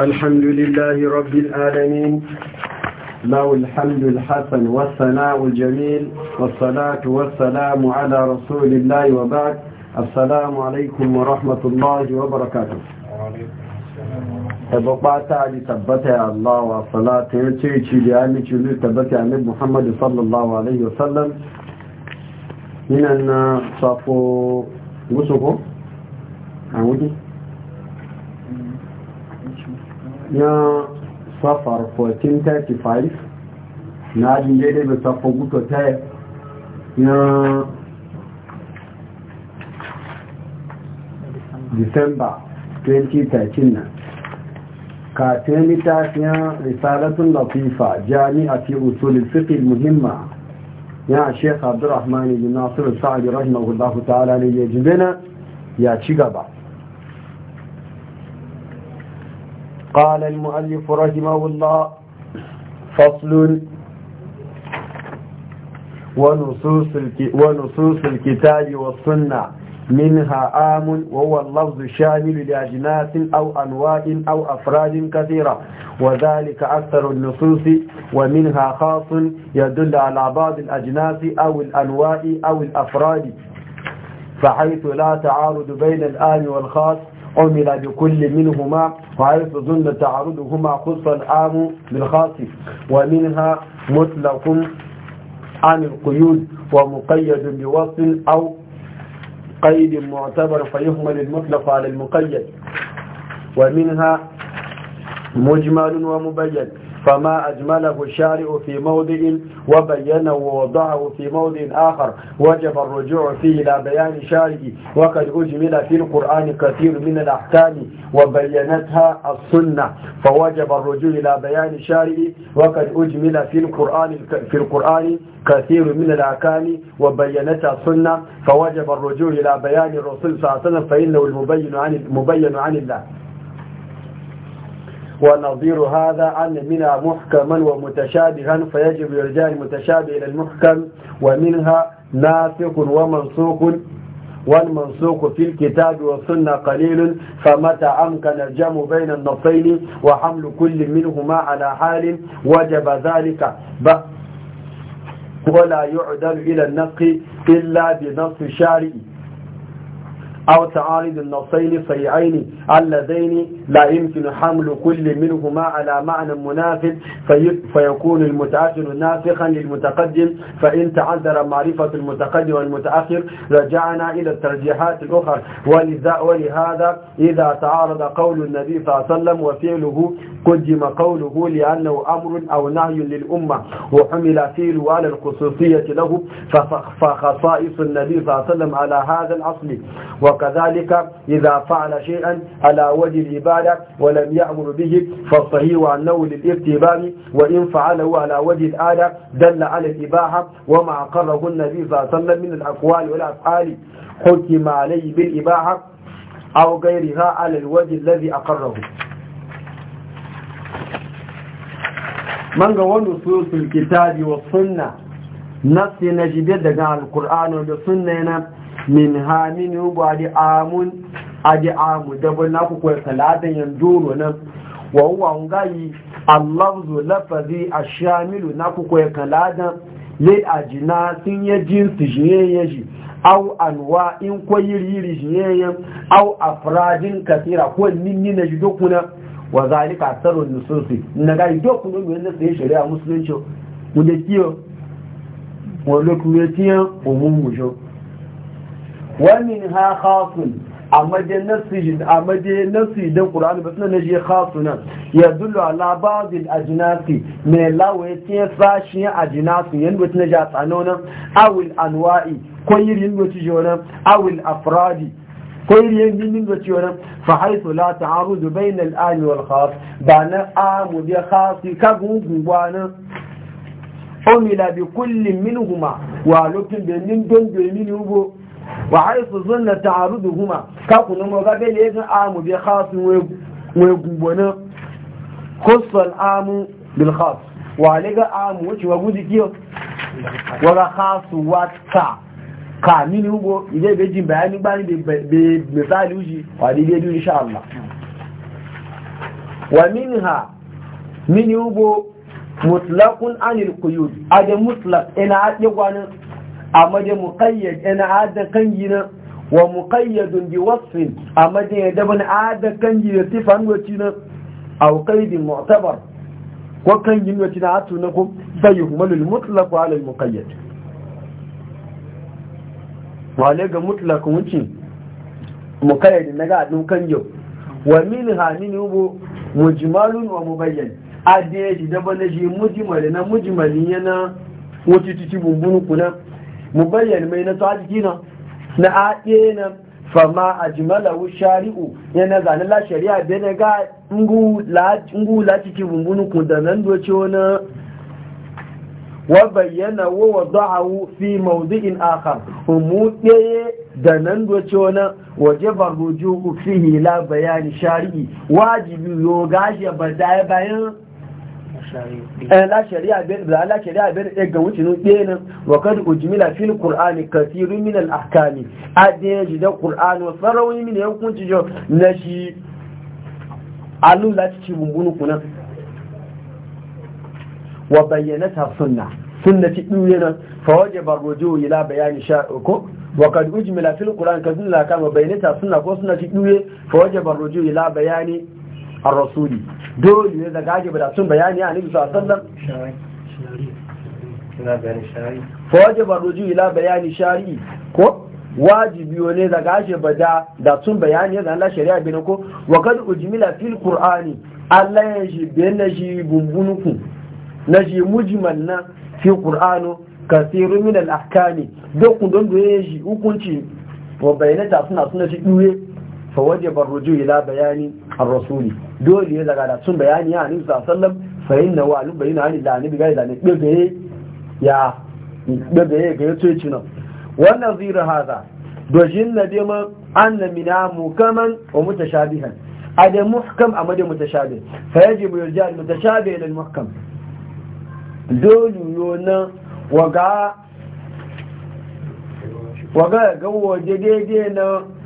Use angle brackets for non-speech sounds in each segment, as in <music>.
الحمد لله رب العالمين له الحمد الحسن والثناء الجميل والصلاة والسلام على رسول الله وبعد السلام عليكم ورحمة الله وبركاته tabbata ji tabbata ya Allah wa salatu ya ce ci da ya mici zai tabbata ya Muhammadu sallallahu alaihi wasallam yinan na safo gusu ko? a wuce? na safar 1435 na jin daidai da safar guto ta na disamba 2013 na katin ya risalatun latifa jami'a fi usulul fiqh muhimma ya sheikh abdurrahman bin nasir sa'di rahimahullahu ta'ala ne ya jibena ya ci gaba قال المؤلف رحمه الله فصل ونصوص ونصوص الكتاب والسنة منها عام وهو اللفظ الشامل لأجناس أو أنواع أو أفراد كثيرة وذلك أكثر النصوص ومنها خاص يدل على بعض الأجناس أو الأنواع أو الأفراد فحيث لا تعارض بين الآن والخاص عمل بكل منهما وحيث ظن تعرضهما خصفا عام بالخاص ومنها مطلق عن القيود ومقيد بوصف أو قيد معتبر فيهمل المطلق على المقيد ومنها مجمل ومبين فما أجمله الشارع في موضع وبينه ووضعه في موضع آخر وجب الرجوع فيه إلى بيان شارعه وقد أجمل في القرآن كثير من الأحكام وبينتها السنة فوجب الرجوع إلى بيان شارعه وقد أجمل في القرآن في القرآن كثير من الأحكام وبينتها السنة فوجب الرجوع إلى بيان الرسول صلى الله عليه وسلم فإنه المبين عن المبين عن الله ونظير هذا أن منها محكما ومتشابها فيجب إرجاع المتشابه إلى المحكم ومنها ناسق ومنسوق والمنسوق في الكتاب والسنة قليل فمتى أمكن الجمع بين النصين وحمل كل منهما على حال وجب ذلك ولا يعدل إلى النسخ إلا بنص شارئ أو تعارض النصين صيعين اللذين لا يمكن حمل كل منهما على معنى منافذ في فيكون المتأخر نافخا للمتقدم فإن تعذر معرفة المتقدم والمتأخر رجعنا إلى الترجيحات الأخرى ولهذا إذا تعارض قول النبي صلى الله عليه وسلم وفعله قدم قوله لأنه أمر أو نهي للأمة وحمل فيه على الخصوصية له فخصائص النبي صلى الله عليه وسلم على هذا الأصل وكذلك إذا فعل شيئا على وجه العبادة ولم يأمر به فالصحيح أنه للإرتباب وإن فعله على وجه الآلة دل على الإباحة وما أقره النبي صلى الله عليه وسلم من الأقوال والأفعال حكم عليه بالإباحة أو غيرها على الوجه الذي أقره من قول نصوص الكتاب والسنة نفس نجد دقاء القرآن والسنة min ha min yugo di amun di amu dabo na ku kwai salatin yanzu nan wa gayi ngai allafzu lafazi shamilu na ku kwai le a jina sun yi jinsi ya shi au anwa in kwayiriri jiyayen au afradin kasira ko ninni na shi dokuna wa zalika sarun nususi na ga dokuna mai na sai shari'a musulunci mu da kiyo wa ya tiyan mu. jo ومنها خاص amma dai nafsi amma dai nafsi da qur'ani ba sunan je khasuna ya dullu ala ba'd al ajnasi me lawa yace sashi ajnasu yan wata na ja tsanona aw al anwa'i ko yirin wata jona aw al afradi ko yirin min wata jona fa haythu la ta'arudu bayna al am wal khas ba na amu bi khasi ka gungun wana umila bi kullin minhuma wa lukin da min don domin ubo wa haifu zunna da huma ka kuna mu gabe ne ga amu bai khasin wai gubanin kusur amu bil khas wa liga amu wuce wa guji kiyo wa ga khasu wata ka mini hugo ije bai jin bayani bani be misali uji wa di be insha Allah wa ha mini hugo mutlakun anil quyud ade mutlak ina ade gwanin amma dai muqayyad ina ada kan gina wa muqayyadun bi wasfin amma dai ya daban ada kan gina sifan wacce na aw qaidin mu'tabar ko kan gina wacce na atu na kum sai mutlaq ala al muqayyad wale ga mutlaq wuce muqayyad na ga dun kan yau wa min min ubu mujmalun wa mubayyan adiye shi daban shi mujmal na mujmalin yana wacce titi bumbunu kuna mu bayyana mai na sajiki na na aɗe fama a jimalawu shari'u yana zanen la shari'a bai na ga ngu la ciki bumbunu ku da nan doce wani wa bayyana wa wada'ahu fi mawdi'in Aka, umu ɗaya da nan doce wani waje ku fi hila bayani shari'i wajibi yo gashi ba bayan Eh, shari'a biyar ɗaya ga wucin ɗaya ujimila fil ƙur'ani al'akami shi da ƙur'ani wasu rauni na shi alun lati ci bumbunu kunan wa bayyana ta sunna sunna ci ɗuye nan fawaje barrojo ila bayani sha وقد أجمل في القرآن كذن لا كان وبينتها سنة وسنة تقوية فوجب الرجوع إلى بيان الرسول dole ne da gaje ba da sun bayani a nabi sallallahu alaihi wasallam ba ruju ila bayani shari'i ko wajibi ne da gaje ba da da sun bayani da Allah shari'a bin ko wa kad ujmila fil qur'ani Allah ya ji bin ji bumbunuku naji mujmal na fi qur'ano kasirun min al ahkami dokun don do ya ji hukunci wa bayanata suna suna shi duye فوجب الرجوع الى بيان الرسول دول يذا قال سن بيان يا نبي صلى الله عليه وسلم فإنه علم بيان عن الله نبي قال ذلك ببه يا ببه قيتو يتنا ونظير هذا دوجين نديما أن منا مكما ومتشابها هذا محكم أما ده متشابه فيجب يرجع المتشابه إلى المحكم دول يونا وقع وقع قوة جديدين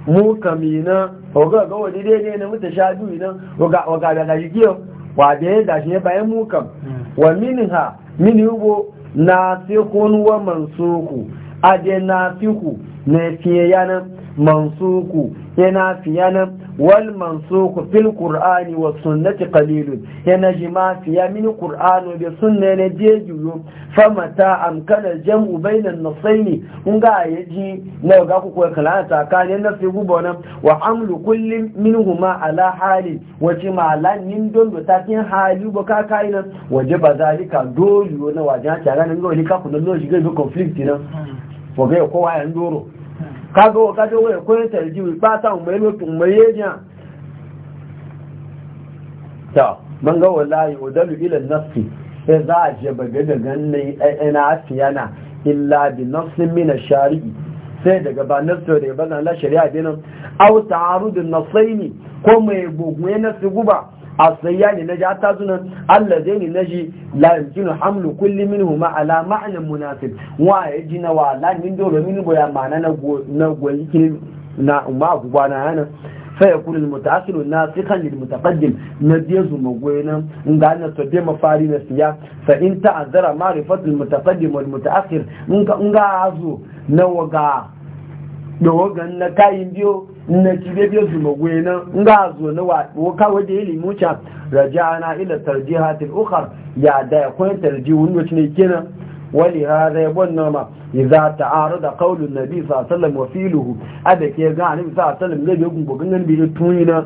mukami na oga ga wani ne na muta shadu idan na oga da gashi kiyo wa da ya dashi ya bayan mukam hmm. wa mini ha min yugo na sikun wa mansuku a da na fiku na fiye yanan mansuku yana fiyana wal mansuku fil qur'ani was sunnati qalilun yana jima fiya min qur'ano bi sunna ne je juyo famata amkana jam'u bayna an-nasayni unga yaji na ga ku ko kala ta kan na fi gubo nan wa amlu kullin minhuma ala hali wa jima lan nin don do tatin hali ba ka kai nan waje ba zalika dole na wajen ta ranan wani ka ku don lokaci ga conflict nan ko hmm. ga doro kago wa kaje wa ji tarjiwi ba ta mai lokacin mai yanya ta man ga wallahi udalu ila nafsi sai za a je baga ganne ina afiyana illa bi nafsin min ash-shari'i sai daga ba nafsi da ba na shari'a dinan aw ta'arud an-nasaini ko mai gugu na su guba asayyani na jata ta Allah zai ne na ji lajinu hamlu kulli min huma ala ma'anin munafil wa ya ji na wa dole min goya ma'ana na gwaikin na umar gugba na yana fayya kulin mutasirun na sikan yi mutakaddin na je su magoya nan in mafari na siya fa in ta azara ma rifatul mutakaddin in ga azu na da wagan na kayan biyo na cibe biyo su magwe na nga zo na wa kawai da ili muca raja na ila hatin ukar ya da ya kwan tarji wacce ne kenan wali hada ya bon nama idza ta'arada qawlu nabi sallallahu alaihi wasallam wa filuhu ada ke ga annabi sallallahu alaihi biyo ne gungun biyu tuni na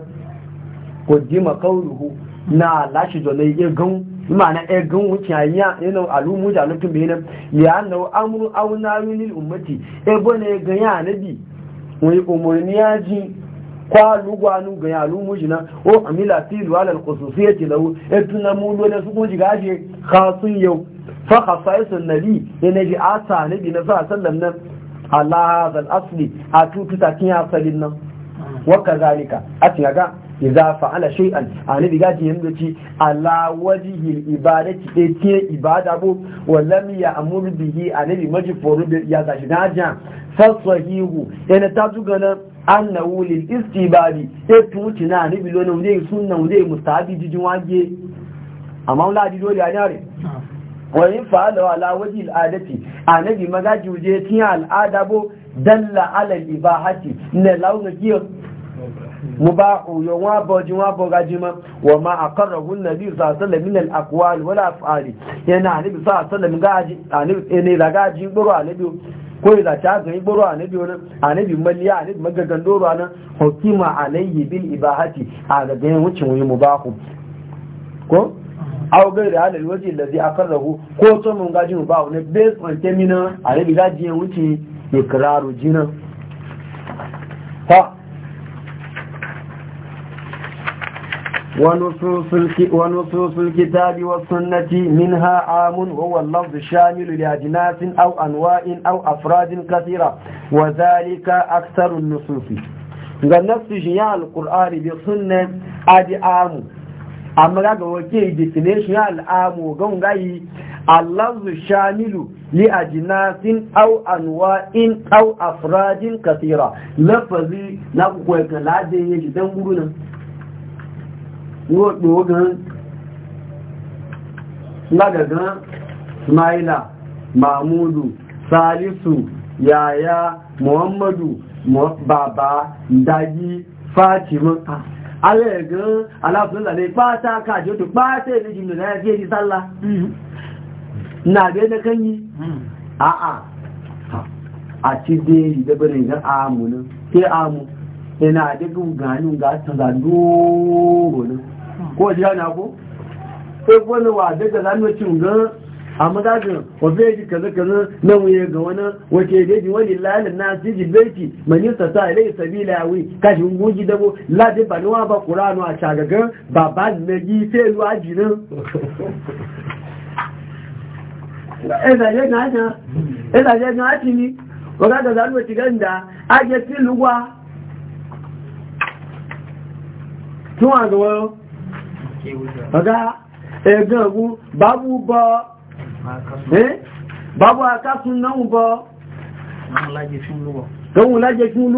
ko jima qawluhu na lashi da ya gan mana ɗaya e e e gan wuce ya yana alumu da nufin bai nan ya na amuru auna yunil umarci ebe na ga ya nabi wani umarni ya ji kwalu gwanu ga alumu jina o amila tilu ala alkhususiyati lau e tuna mulo da su ko jiga khasun yau fa khasaisu nabi na ji asa nabi na sa sallam nan ala hadal asli a tututa kin asalin nan ah. wakazalika kazalika a tinaga idza fa'ala shay'an diga ji yanda ci ala wajhi ibadati dai ke ibada bu wa lam ya'mur bihi annabi maji foru ya gaji naja fasahihu yana ta tugana annahu lil istibadi e tuti na annabi lona, wuje sunna mustabi ji jijin wage amma wala di dole a wa in fa'ala ala wajhi al'adati annabi magaji wuje tin al adabu dalla ala ibahati ne launa kiyo mubahu yo wa boji wa boga jima wa ma aqarrahu an-nabi sallallahu alaihi min al-aqwal wal af'ali yana annabi sallallahu alaihi gaji ani ne da gaji buru anabi ko da ta ga buru anabi ona anabi maliya anabi magagan doro anan hukima alaihi bil ibahati a ga ga wucin wuyi mubahu ko aw gairi halal ladi allazi aqarrahu ko to mun gaji mubahu ne based on terminal anabi gaji wuci ikraru jina ha ونصوص ونصوص الكتاب والسنة منها عام هو اللفظ الشامل لأجناس أو أنواع أو أفراد كثيرة وذلك أكثر النصوص ga nafsu shi ya alƙul'ari da suna adi amu a maraga wake jikinai shi ya al'amu ga ungayi a lanzu shamilu li a jinasin au an wa'in au a kasira lafazi na kukwai kala da yake don gudunan wọ́n pè ó gan maila mahmudu salisu yaya muhammadu baba daji fatima alẹ́ gan aláfúnlẹ̀ pátá káàkiri ó tó pátá èdè jùlọ náà fi èdè sálá náà bẹ́ẹ̀ na kan yí àà àti dé ìdẹ́bẹ̀rẹ̀ ìgbẹ́ àmù náà tí àmù ẹ̀nà àdẹ́gùn gan ní ọgá tàbí àdúrò náà ko ji hana ko sai wani wa daga zanocin gan a magajin wafe ji kaza kaza na wuye ga wani wace wani lalin na ta ilai kashi dabo ba niwa ba kuranu a shagagan na sai luwa ezaje na ọ̀gá ẹ̀gán ogun bábú bọ́ bábú náà bọ́ lájẹ́ fún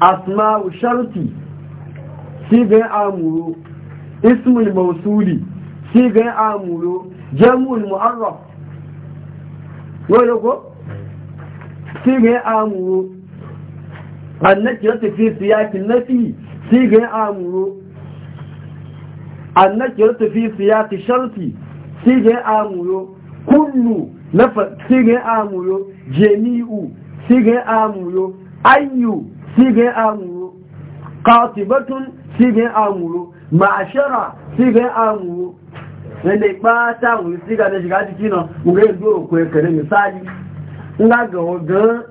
asma'u sharti sigar amuru ismul mausuli sigar amuru jam'ul mu'arraf yau ko sigar amuru annaki wata fi siyakin nafi sigar amuru annaki wata fi siyakin sharti sigar amuru kullu na sigar amuru jami'u sigar amuru ayyu sigen amuru katibatun sigen amuru ma'ashara sigen amuru wanda ba ta siga da shiga ciki na muga yin doro ko kare misali ina ga wagan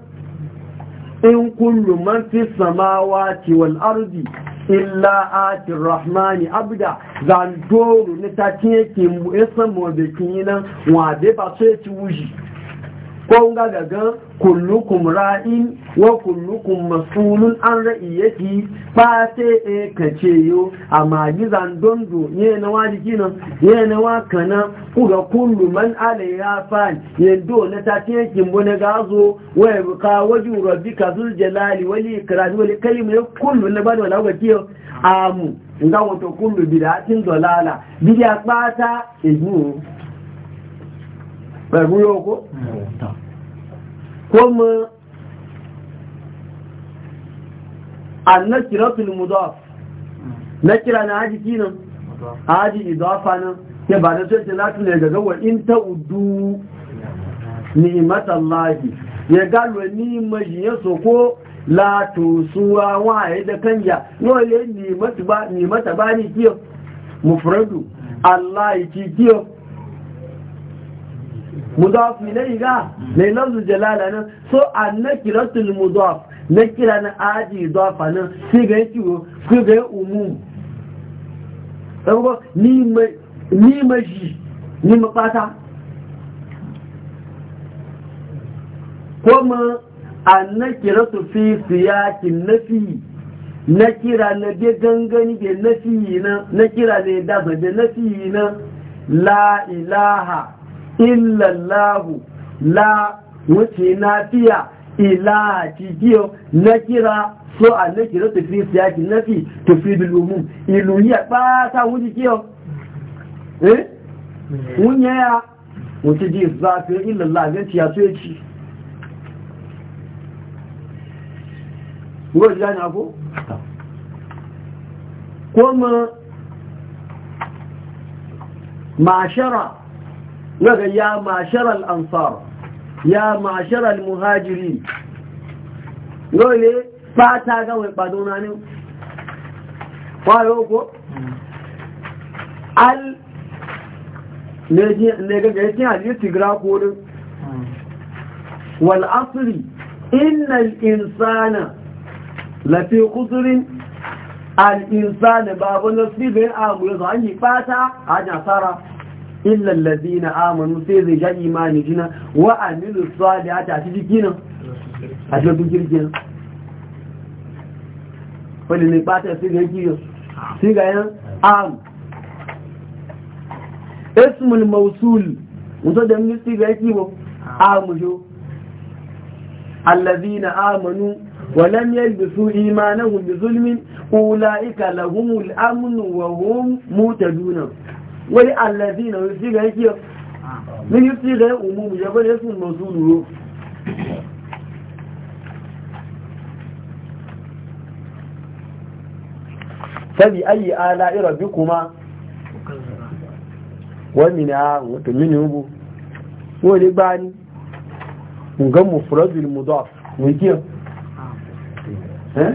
in kullu man fi samawati wal ardi illa ati rahmani abda zan doro ne ta cinye ke mu esan mu nan wa ba sai ci wuji ko nga daga kullukum ra'in wa kullukum mas'ulun an yake ba sai e kace yo amma gizan dondo ne na waji kina ne na Ku ga kullu man fa ne do na ta ce kimbo na gazo wa ka waju rabbika zul jalali wal ikram wal kalim kullu na bani wala wakiyo amu nga wato kullu bidatin dalala bidia pata mu. pẹ̀lú yóò kó mọ́ fil mudaf nakira na haji kinan haji idafa nan ke ba da sai tilatu ne ga gawa in ta udu ni'matallahi ya galo ni majiya soko la tusuwa wa ya da kanja yau ne ni mata ba ni kiyo mufradu Allah ki kiyo mudaf ne ga mai lafzu jalala nan so annakiratul mudaf nakira na aji dafa nan shi ga ciwo shi ga yi umu ko ni ma ji, ni ma maji ni mafata kuma annakiratu fi siyakin nafi na kira na bi ke na fi na na kira ne da ba na fi na la ilaha illallahu la wuce lafiya ila jigiyo na kira so a na kira tafi siyaki na fi tafi bilumun iluyiya ba ta wuce kiyo eh wunye ya wuce ji zafi illallah ya ci daga ya mashar al'ansar ya mashar al-muhajiri lole fata gawai ɓadona ne ƙwayo ko al ne gaga yake halittu gra kodin wal'asiri innal insana lafi kusurin al'insana babu nasirin amurka an yi fata a sara. illa allazina amanu sai zai ja imani jina wa amilu salihati a cikin kina a cikin kirkin wani ne bata sai ga kiyo sai ga yan am ismul mawsul wato da mun sai ga kiyo jo allazina amanu ولم يلبسوا إيمانهم بظلم أولئك لهم الأمن وهم مهتدون wani allazi na yusi ga yake ah. min yusi ga umumu ya bane sun masu duro sabi ayi ala irabi kuma wani na wata wani gbani ga mufradul mudaf wiki ah. eh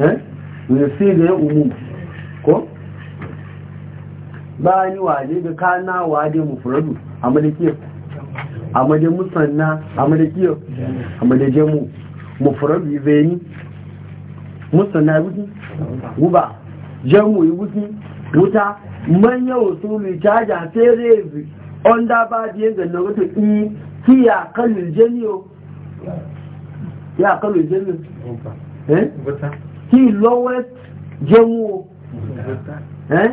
eh yusi ga umumu ko ba ni waje ga kana waje mufradu amma da kiyo amma da musanna amma da kiyo amma da jamu mufradu ibeni musanna yuki guba jamu yuki wuta man yau su mai caja sai rezi on da ba biye ga na wata i ki ya kallon jamiyo ya kallon jamiyo eh? ki lowest jamu eh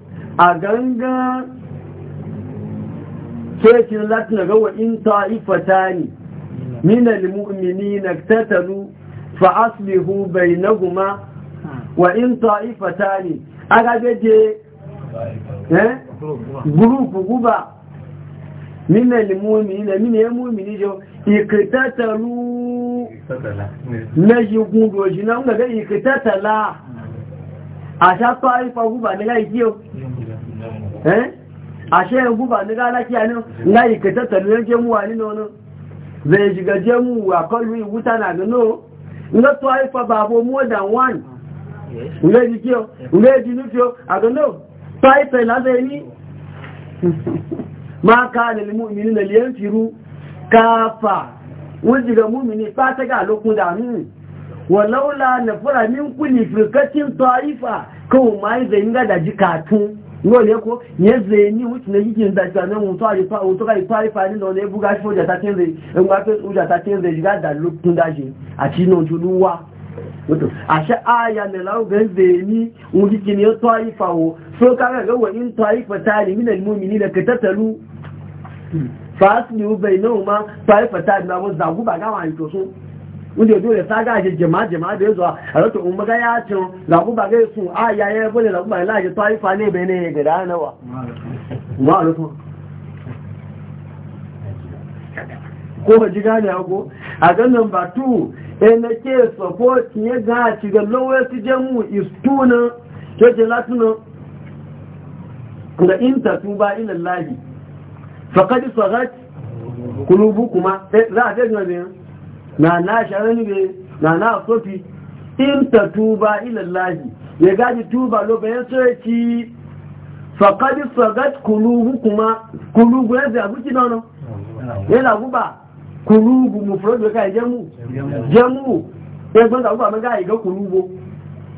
a ganga cikin latin daga wa'in ta'ifata ne minal mu'mini na tattalu fa'aslihu bai na guma wa'in ta'ifata ne a gajeje eh, gurupu guba minal mu'mini na minal mu'mini jo ikitatalu na yi gundoji na ga ikitatalu a sha ta'ifa guba na ga ikiyo Eh? ashe yanzu ba ni gala kiya na yi ka tattali wa ni nono zai shiga jemu wa kalu yi wuta na gano na to haifa babo more than one nga ji kiyo nga ji nufiyo a gano to haifa na zai ni <laughs> ma ka ne limu imini na liyan firu kafa wujji ga mumini ga lokun da walaula na fura min kuli firkacin kawo ma yi zai lóòlé kó yẹ́zẹ̀ ní wùtìlẹ̀ yìí ìdájúwà náà wùn tó àyíká òun tó káyí pàárífà nínú ọ̀nà ẹbú gáṣí fún ìjàta kéńdé ẹgbà pé ìjàta kéńdé ìjìgá ìdàlókún dáṣe àti iná ojú olúwa àṣẹ àyà nìlá ògbẹ́zẹ̀ ní ohun jíjì ni tó àyífà wò fún kárẹ̀ lọ́wọ́ ní tó àyífà táàrí nínú ìmú mi nílẹ̀ kẹtẹ́tẹ̀lú fàásì ni ó bẹ̀ iná tó àyífà táàrí wanda dole saga shi jima-jima da ya zuwa a rata in maga ya ce lagu ba gai sun a ya ya bole lagu ba la ji taifa ne bai ne ga da nawa wa rata ko ba ji gane ko a ga number 2 eh ke support ya ga ci ga lowest jamu is tuna ke ce latuna da in ta tuba ila Allah faqad sagat kuma eh, za a ce ga ne na na shahararri be na na sofi in ta tuba ilallahi ya gaji tuba lokacin soyaci faƙaɗi fagat kulubu kuma kulubu ya zagu ki nono ya zagu ba kulubu mu furo da kai jemu jemu ya gbọ́n zagu ma maga iga kulubu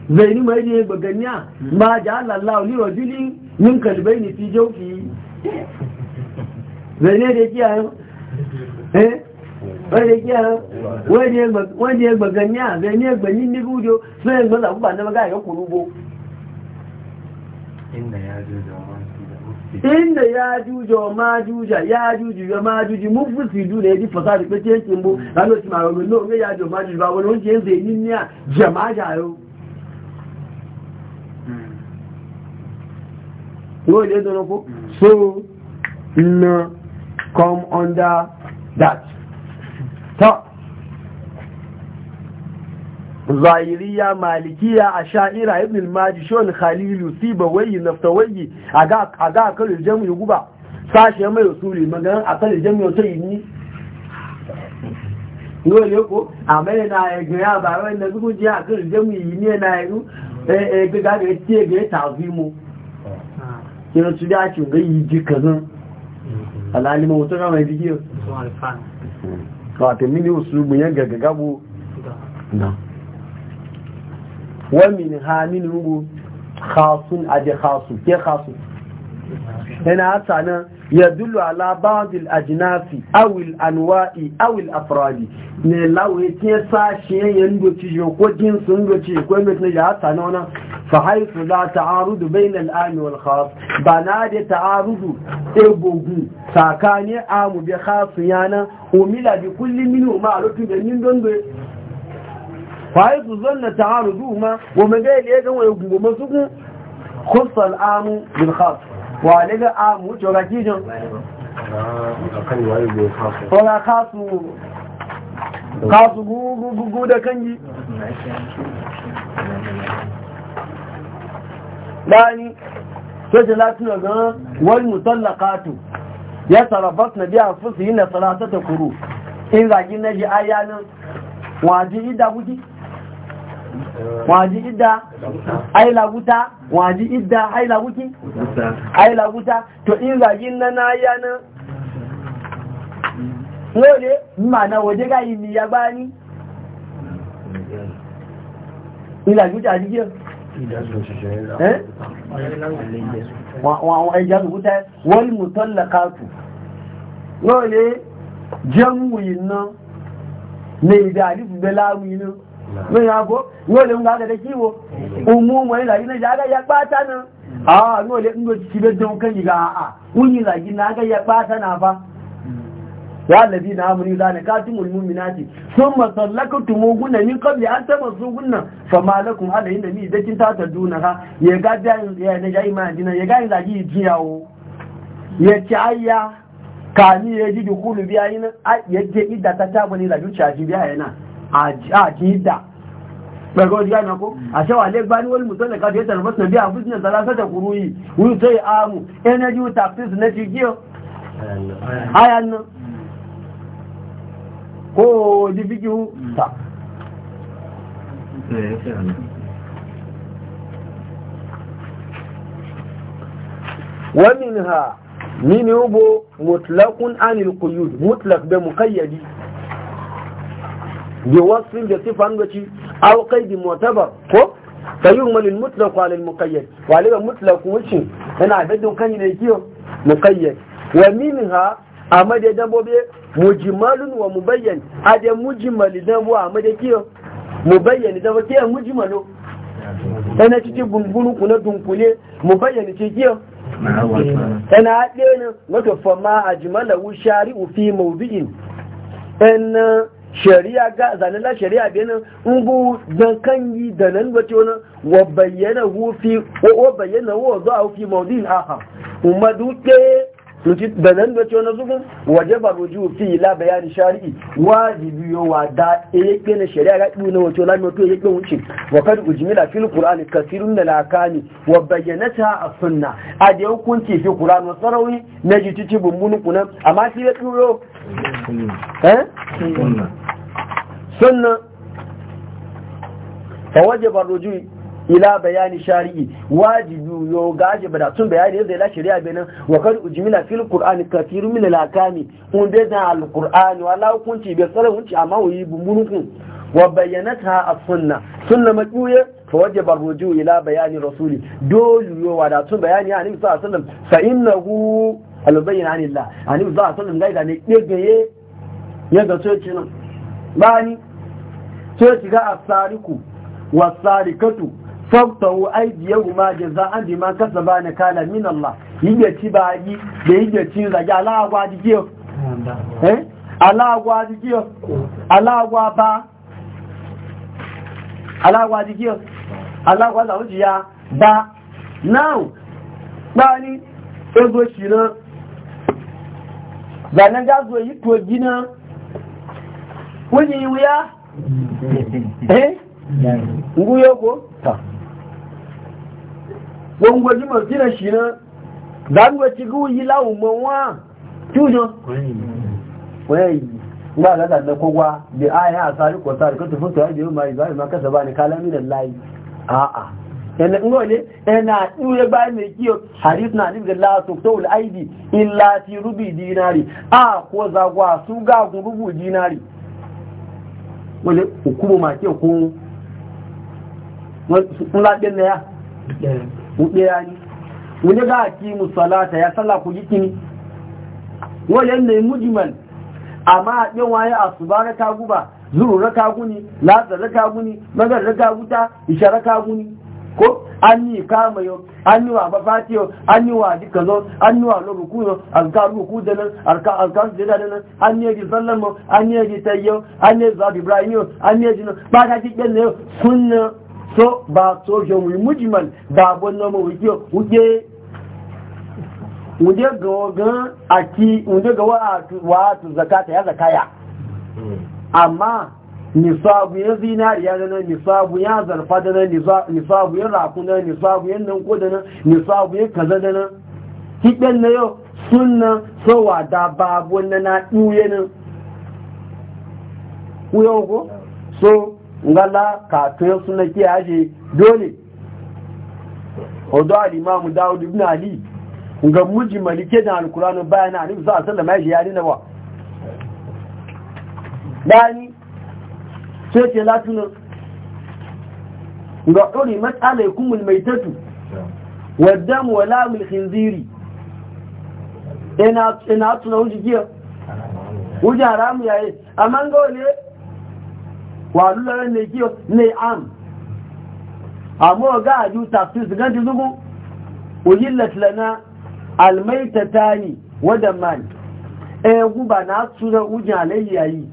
zaini mai ne baganiya ma ja Allah li rajuli min kalbaini fi jawfi zaini da kiyaye eh wọ́n di ẹgbẹ̀gẹ̀ ní àbẹ́ ní ẹgbẹ̀ ní níbi ìjọ fẹ́ ẹgbẹ̀lá púpà náà gáà yọ kùnú bo? inda ya juja ma juja ya juji ya ma juji mun fusi duna ya ji fasari pe ce kin bo ranar ci maro gano ga ya jo ma ba wani wani yi niya jama'a jayo hmm. yau ne zo na ko hmm. so na come under that ta zahiriya malikiya a sha'ira ibn al-maji shon khalilu siba wayi nafta wayi a ga akal jami'u guba sashe mai usuli magana akal jami'u ta yi ni yau ne ko a mai na ga ya ba wai na zuku ji akal jami'u yi ne na yi e eh, e eh, ga ga ti ga ta fi mu kina su da ki ga yi jikazin mm-hmm. alalima wato ga mai bigiyo wato mini usulubin yan gaggaga bu na ni ha mini khasun aje khasu ke khasu yana hata nan yadullu ala ba'dil ajnasi aw al anwa'i aw al afradi ne lawe ke sashi yan doci yo ko jinsun doci ko mai ne ya ta nona fa haythu ta'arudu bayna al am wal bana da ta'arudu egogu sakane amu bi khas yana umila bi kulli minhu ma alutu da nin dondo ta'arudu ku amu wà lẹ́gbẹ́ àmú ìjọba jíjọ ọ̀rọ̀ káàsù gúgúgú da kanji láàrin sọ́jẹ́ láti ọ̀gá wọ́n mùtọ́lá káàtù ya sarrafas na biya fusi yi na salatata kuru in zagi na ji ayanin wàjí ìdàgújí wàájí ìdá àìlàwúta wàájí ìdá àìlàwúkí àìlàwúta tó ìrìnàjí náà yá náà lóòrè mọ̀nà yi káyì ní yagbá ní ìlàjúta àdíjẹ́ wọ́n ẹjá lòkúta wọ́n mú tọ́lá káàkù lóòrè jẹ́ mú ìná ní ìdá àdífùgbẹ́lá mú ìná ní àbó ní olè ń gàgẹ̀dẹ̀ kí wo òmú wọn ìlàyí náà yàgáyà pátá náà àà na. olè ń a síbẹ̀ dán kan yìí àà wọ́n yìí làyí náà pátá na fa ya labi na amuri zane katimul muminati sun masallakatu mugunna mi, qabli an tamasu gunna fa malakum alayhi nabi dakin ta ta na ha ya ga dan ya ne ga imani ya ga zagi jiyawo ya ci ayya kani ya ji ya uche ji biya na. àjídà pẹ̀lú ọdí àmì ọkọ́ àṣẹwà lè ní bí kúrú yìí wúrú tó ààmù energy taxes lẹ́tí kó di fíkí hù tà wọ́n ha bó mutlakun anil kuyud mutlak bẹ mukayyadi bi wasfin da sifan gaci aw qaidi mu'tabar ko tayun man al mutlaq wal muqayyad wal al mutlaq wucin yana da dukan ne kiyo muqayyad wa minha amade dambobe mujmalun wa mubayyan ade mujmal da bu amade kiyo mubayyan da bake mujmalo ana cikin bungunu kuna dunkule mubayyan ce kiyo ana dena wato fama ajmalahu shari'u fi mawdi'in ana shari'a ga zanilla shari'a nan in bu dan kan yi da nan wace wani wa bayyana hu fi wa bayyana hu za fi mawdin aha kuma duke da nan wace wani zugun waje ba ruju fi la bayani shari'i wajibi yo wa da yake na shari'a ga duna wace la mi to yake wuce wa kad ujmila fil qur'an kathirun min akani wa bayyanata a sunna a da hukunci fi qur'an wa sarawi na jitici bumbun kunan amma shi ya tsuro Eh? sunna fa wajaba ruju ila bayani shari'i wajibu yo gaje bada tun bayani yadda ila shari'a benan wa kad ujmina fil qur'an kathiru min al akami unde da al qur'an wala hukunci bi salan amma wayi bumunukun wa bayyanatha as sunna sunna maduye fa wajaba ruju ila bayani rasuli dole yo wada tun bayani annabi sallallahu alaihi wasallam fa innahu albayin anillah ani za a sanin gaida ne ɗagaye yadda coci nan bani coci ga asariku wasarikatu sabtahu aidiyahu ma jaza'an bima kasaba na kala min Allah yige ci bayi da yige ci zage alagwa dikiyo eh alagwa dikiyo alagwa ba alagwa dikiyo alagwa da wuciya ba now bani ego shi na zanen ga zuwa yi to gina wani wuya <laughs> eh nguyo ko ta wọn gwaji masu gina shi na zanuwa ci guwa yi lawon mawa kyujo wani ba ga zanen kogwa da aya a tsari ko tsari kan tufin tsari da yi ma zai ma kasa ba ne kalamin layi a'a ngole na dure ba mai kiyo na nabi la tuqtul aidi illa fi rubi dinari a ah, ko zagwa su ga rubu dinari wale hukumu ma ke ko sun la den ya ude ya ni wani ga ki musallata ya salla ku yikini wale ne mujmal amma waye asubara guba ko an yi kama yau an yi wa mafati yau an yi wa jika zo an yi wa ruku yau alkar ruku da nan alkar jida da nan an yi ji sallan mu an yi ji tayi yau an yi zabi ibrahim yau an yi ji ba ta ji ɗan yau sunna so ba sojo mu mujmal ba wannan mu wiki yau wuje ga wagan aki wuje wa zakata ya zakaya hmm. amma nisabu ya zinari da nan nisabu ya zarfa da nan nisabu ya raku da nan nisabu ya ko da nan nisabu ya kaza da nan kiɗan na yau sunan sowa da babu na na ɗuye nan ƙuyo ko so ngala katon suna ke ashe dole odo alimamu dawud ibn ali ga muji malike da alkuranu bayan alif za a sallama ya shi yari na ba dani sai ke latinan ga ɗori matsalai kumul mai tatu wadda mu wala mulkin ziri ina tuna wuji giya wuji haramu yayi amma ga wale walularar ne giya ne am amma wa ga a yi tafsir su ganci zugun ujillat lana almaita tani wadda mani e eh, guba na tuna wuji halayya yi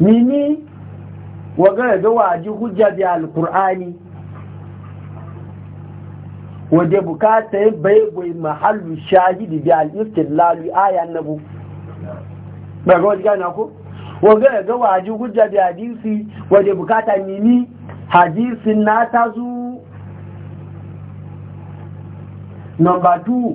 mini wagara ga waji hujja da alkur'ani wadda bukata ya baibai mahallu shahidi da al'iftin lalu ayan nabu ba ga wajen gana ko wagara ga waji hujja da hadisi wadda bukata mini hadisin na tazu number 2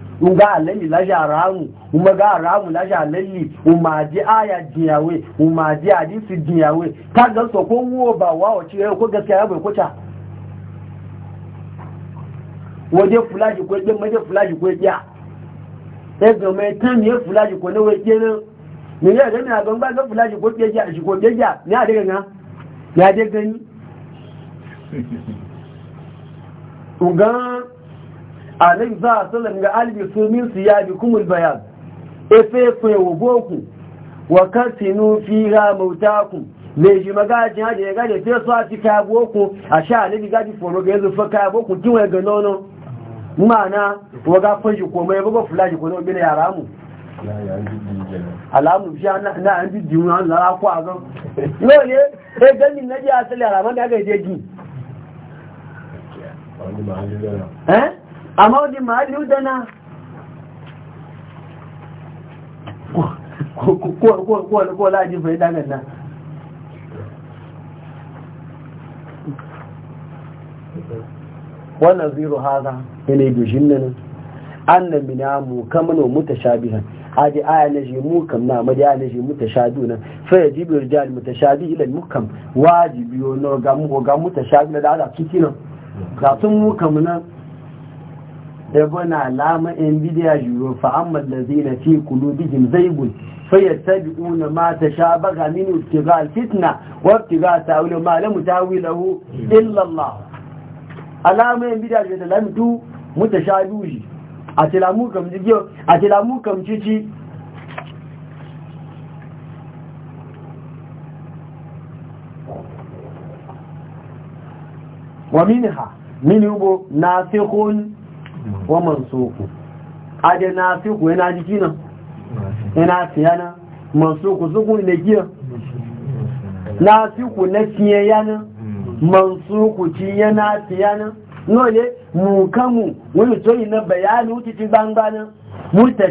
un ga alalli laja ramu un ga ramu laja alalli un aya diyawe un ma ji hadisi diyawe ko wo ba wa e, ko gaskiya ya bai ko je e ga e a <laughs> alai za a salam ga albi su min su ya bi kumul bayan efe kwe wa boku wa katinu fi ha mautaku zai shi magajin hajji ya gane sai su a ci kaya boku a sha alibi gaji foro ga yanzu fa kaya boku kin wai ga nono mana wa ga fashi komai ya buga fulaji ko nobi na yara mu alamu fi na an biddi mu an lara ko azan yau ne eh ganin naji asali alaman da ga je ji eh amma wajen mahalli dana. ko lajin fai dagan nan wannan zero haza yana yi dushin nan na, mina mu kamano mutashabihan aji aya na shi mukam na maji aya na shi mutashabi nan fa yajibu rijal mutashabi ila mukam wajibi yo ga mu ga mutashabi da ala kitina ga sun mukam nan ابن علامة انبيديا جورو فأما الذين في قلوبهم زيغ فيتبعون ما تشابه من ابتغاء الفتنة وابتغاء تأويله ما لم تأويله إلا الله علامة انبيديا جورو لم تو متشابهوجي أتلامو كم جيو أتلامو كم جيجي ومنها من يبو ناسخ wa mansuku ade na fi ku yana jiki nan yana tiyana mansuku suku ne giya na fi ku na fiye yana mansuku ci yana N'o nole mu kamu wani toyi na bayani wuce ci gbanganin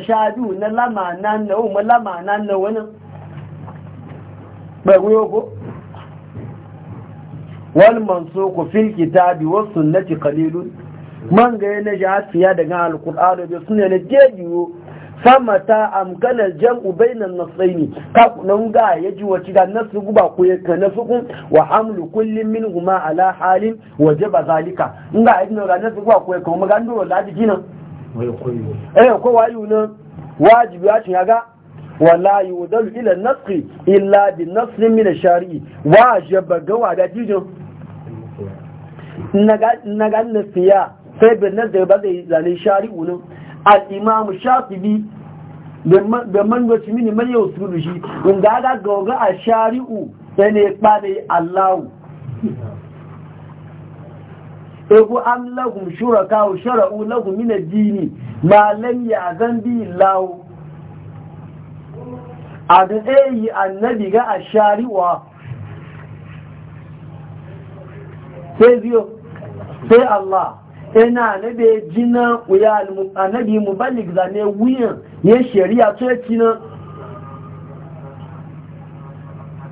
shadu na lama nan na umar lama nan na wani ɓarwe ko wal mansuku fil kitabi wasu sunnati qalilun man ga yana asiya daga alkur'ani bai suna na jejiyo sama ta amkana jam'u na nasaini ka nan ga ya ji wace da nasu guba ko ya kana suku wa amlu kullin min huma ala halin waje ba zalika in ga ibnu ga nasu guba ko ya kuma ga ndoro ladi kinan eh ko wayu nan wajibi ya ci ga wala yudal ila nasqi illa bi nasl min ash-shari'i wajaba ga da jijin naga naga nasiya sai benin da ba zai zane shari'u nan al'imamu shafibi da man mini man yau su shi in ga ga gauga a shari'u da ne da allahu ebu an lagun shuraka wa shara'u lagun mina jini dini ma a zan bi a da ayi annabi ga ashariwa sai zai sai Allah ina nabe jina uya annabi muballig zane wuyan ya shari'a to yake nan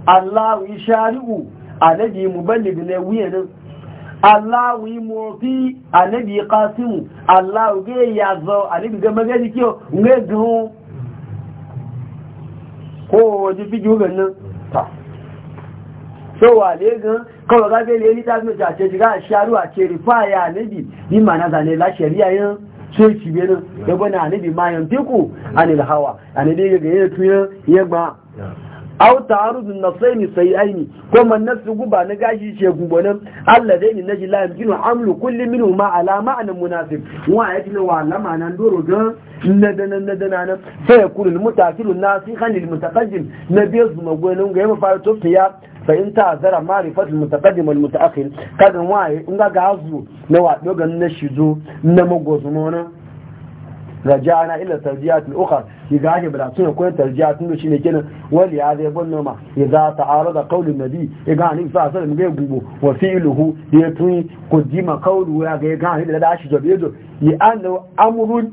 Allah yi shari'u annabi muballig ne wuyan nan Allah yi murfi annabi qasim Allah ga yazo annabi ga magani kawai gafe ne ni tafi ta ce shiga sharu a ce rufa ya nabi bi ma na zane la shari'a yin ci bi nan ya bana nabi ma yan tiku anil hawa anabi ga yin tuya ya gba aw ta'arudu an-nasayni sayyaini ko man nasu guba na gashi ce gubonan Allah dai ni naji la yamkinu amlu kulli minhu ma ala ma'na munasib wa yatlu wa lama nan doro ga nadana nadana na. sai yakulu mutakilu nasikhan lil mutaqaddim nabi zuma ga ya fara tofiya fa’in ta zara mari fatil mutakadi mai mutakil kadin waye in ga gazu na waɗo ganin na shizo na magwazo mana raja na ila tarjiyatun uka yi gashi bala suna kuwa tarjiyatun da shi ne kenan wani ya zai ban noma ya za ta ara da kaulin nabi ya gani sa sa da mai gubo wa fi ya tun ku jima kaulu ya ga ya gani da lashi jabe zo ya an amurun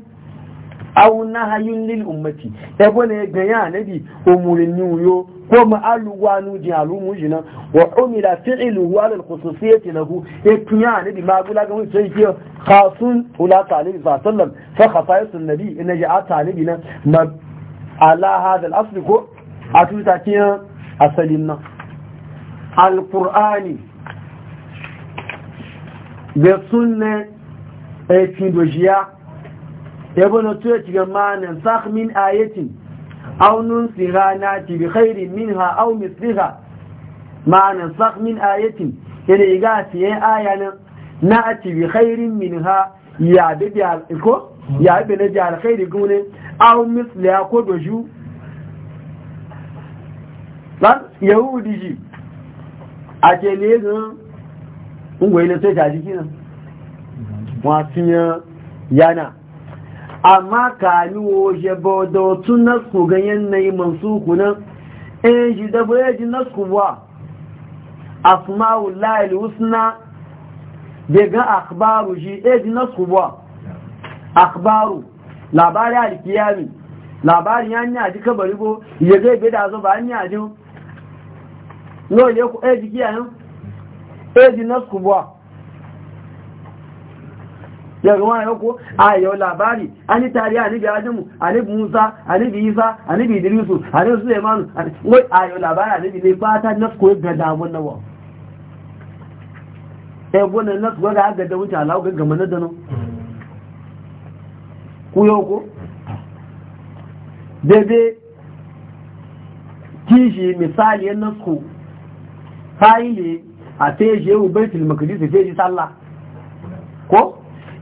aw nahayun lil ummati e bone ga ya nabi umurin uyo ko ma aluwa nu di alumu jina wa umira fi'lu wa al khususiyati lahu e tunya nabi ma gula ga mun sai kiyo khasun ula talib fa sallam fa khafayatun nabi in ja'a talibina ma ala hadha al asl ko atuta kiyan asalin nan al qur'ani da sunna e tindojiya yabana tuya ci gama nan sakh min ayatin aw nunsira nati bi khairin minha aw mithliha ma'ana sakh min ayatin yana iga siye aya nan nati bi khairin minha ya bi ko ya bi na bi alkhairi gune aw mithliha ko doju lan yahudi ji a ce ne zan ungwaye na sai ta wasu yana amma kami woje ba da wasu nasku ganyen na yi mansuku nan in eh, ji da bai ji nasku ba asma'ul la'il husna daga akhbaru shi e eh, ji nasku ba akhbaru labari alkiyami labari ya ni aji kabari ko ya zai bai da zo ba ni aji no ne ku e eh, ji kiyayen e ji nasku ba yarwa yako a yau labari an yi tarihi anibi adamu bi musa a bi isa a bi idrisu a anibi suleimanu wai a yau labari anibi ne fata na koyi eh, ga damun nawa ɗaya gwanan na tsoron ga da wuce ga gaggama na dano ku yau ko daidai kishi misali yan nasu kayi ne a feji yau baitul makadis da sallah ko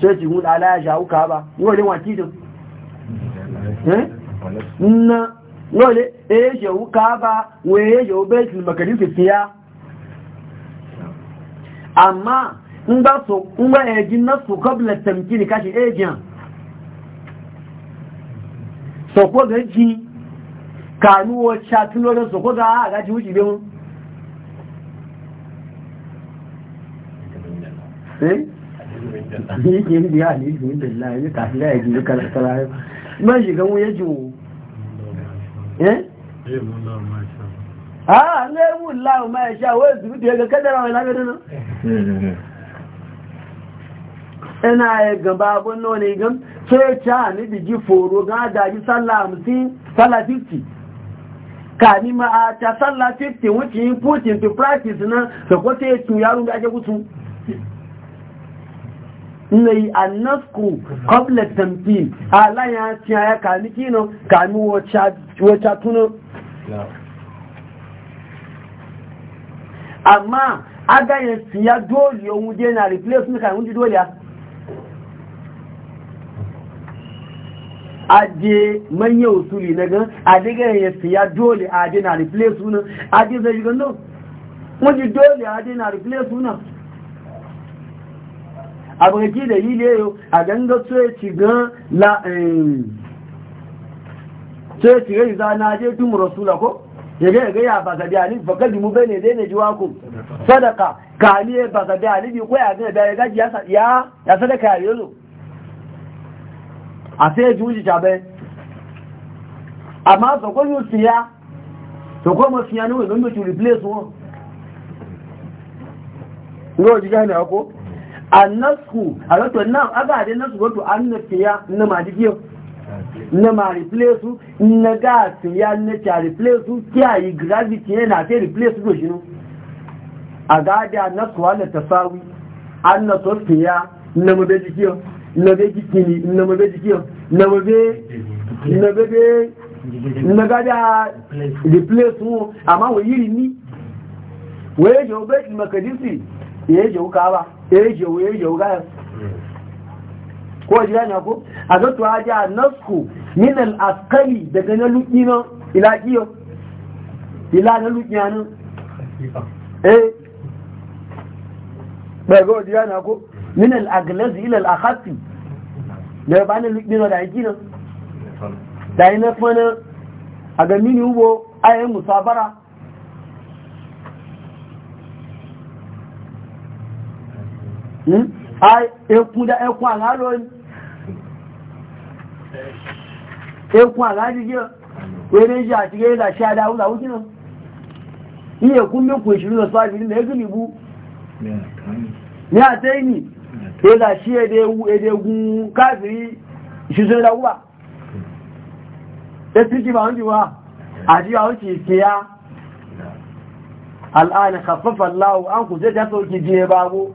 sai ji mun ala ya shawo ka ba wani wanki din na wani eh shawo ka ba wani amma in ba su in ba ya ji nasu kabla kanu ko a eh ne ke biya ne alhamdulillah ne yi ne kala ne ma ina ya gaba abun nawa ne gam sai ta ni foro ga da ji 50 50 ka ni ma a 50 wuce putin to practice na so ko sai tu da ake gusu nai annasku kwabla tamkin ala ya ci ya kami kino kami wacce tuno amma aga ya siya dole ya wuje na replace nika wuje dole ya aje manya usuli na gan adiga ya siya dole aje na replace suna aje zai gano wuje dole aje na replace suna abinci da yi ne a ganga tsoye cigan la'in eh, tsoye cigan za na je tun rasula ko yaga yaga ya ba zabi ali fa kadi mu bane dai ne jiwa ku sadaka ka ni ba zabi ali bi ko ya ga da yaga ya ya ya sadaka ya yo a sai juji jabe amma so ko yusiya so ko mo siya no no to replace wo ngo jiga ne ako annasku a rato nan aga da nasu wato an na fiya na madigiyo na ma replace na ga fiya na ta replace su kiyaye gravity yana ta replace su shi a ga da nasu wala tasawi an na to fiya na mabe jikiyo na be jikini na mabe jikiyo na mabe na bebe na ga da replace su amma wa yiri ni waye jo be makadisi yaje uka ba ko ajiya na ko a zato haji a nasku min al'akali daga na luki nan ila kiyo ila na luki nan eh ɓago ji na ko min al'aglazi ila al'akafi da ya bani luki nan da ya gina da yi na fana a ga mini hubo ayin musabara ẹkùn àrá lórí ẹkùn àrá jíjẹ́ eréjì àti rẹ́lá ṣe adáwọ́lá ó jìnà ní ẹkùn mẹ́kùn ìṣìlú lọ sọ́rọ̀ ìrìnlẹ̀ ẹgbìn ìbú ní àtẹ́yìnì rẹ́lá ṣe ẹdẹ̀gùn káàkiri ìṣìṣẹ́ an ta sauki je babu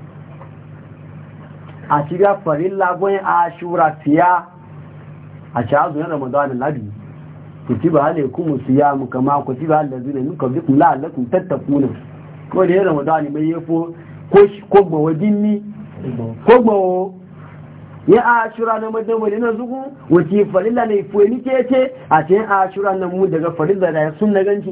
a shiga farin lagon ashura siya a shazun ramadanin ku kutiba alaikum siyamu kama kutiba allazina min qablikum tattafu ne ko da ramadan mai yafo ko ko gbawadin ni ko gbawo ya ashura na madan wani na zugu wace farin ne fo ni ce-ce, a cikin ashura na mu daga farilla da sunna ganci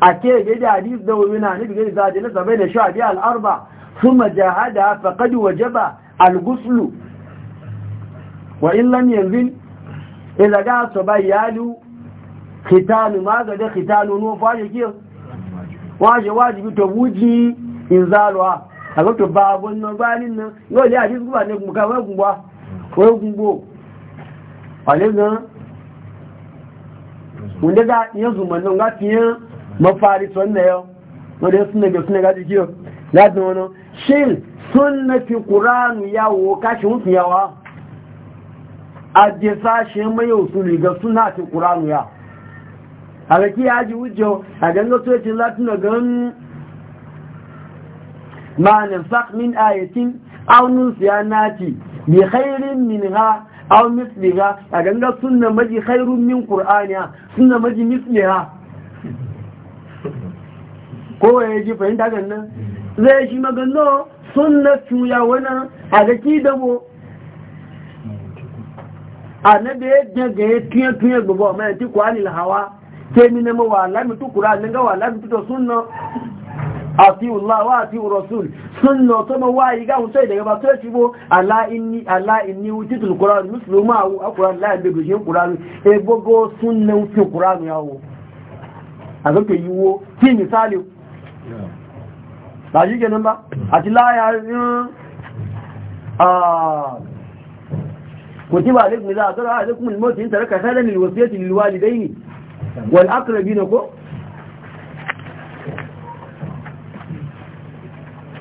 a gida hadis da wuri na nufi gidi zaɗi na sabai da sha biya al'arba sun jahada faƙadi wajaba al-guslu wa in illan yanzu ila ga su bai yalu ga da khitanu no fa yake waje wajen to wuji inzalwa a ga to na nan banin nan yau ya hadis kuma ne kuma kawai gumba ko gumbo wale nan wanda ga yanzu manon ga fiye mafari sunna yau ya sunna ga sunna gaji kiyo gaji wani shin sunna fi qur'anu yawo kashi musu yawa a je sashe mai usuli ga sunna fi ƙuran'u ya a ga kiya ji wujo a ganga soyaci latin da gan ma nafaq min ayatin aw nusyanati bi khairin minha aw misliha a ganga sunna maji khairun min ƙur'aniya sunna maji misliha kowaye ji fahimta gannan zai shi magano sun na tuya wani a da ki dabo a na da ya gbogbo mai ti kwalil hawa ke mi nema wa lami tukura ne ga wa lami tuto sunna a fi Allah wa fi Rasul sunna to ma wa yiga hun sai daga ba to ci bo ala inni ala inni qur'an qur'an la gushin qur'an e bogo qur'an a ti ba shi nan ba a ti layarin a ah, kutiba alaikum za a tsara alaikum ilmoti yin tare kasa da milwasiyyatin liwali dai ne wani akarabi na ko?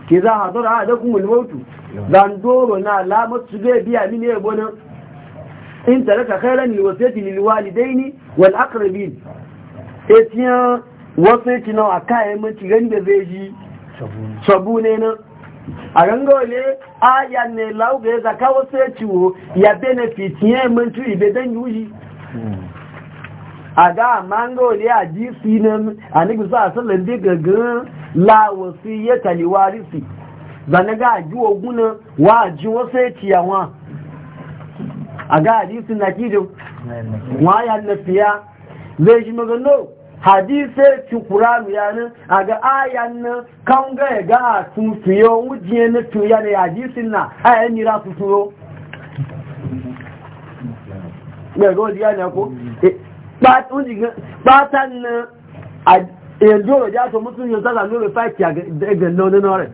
ke za a tsara alaikum ilmoti zandoro na alamar su zai biya mini ya bonin in tare kasar da milwasiyyatin liwali dai ne wani akarabi etiyan wasu yaki nawa kayan manci gani da zai ji sabu ne nan a gangole aya ne lauga ya zaka wasu ya ciwo ya benefit ya mantu ibe don yuji a ga mangole a jisi nan a nigu sa asalin da gaggan lawasi ya taliwarisi zane ga ji oguna wa ji wasu ya ciyawa a ga hadisi na kido wa ya nafiya zai shi magano hadise ci kuranu aga ayanna e ga ga ya wujiye na tuya ne na nira su turo ga ya ne ko na a yanzu da jato mutum yanzu da nuna faki a ga nuna nore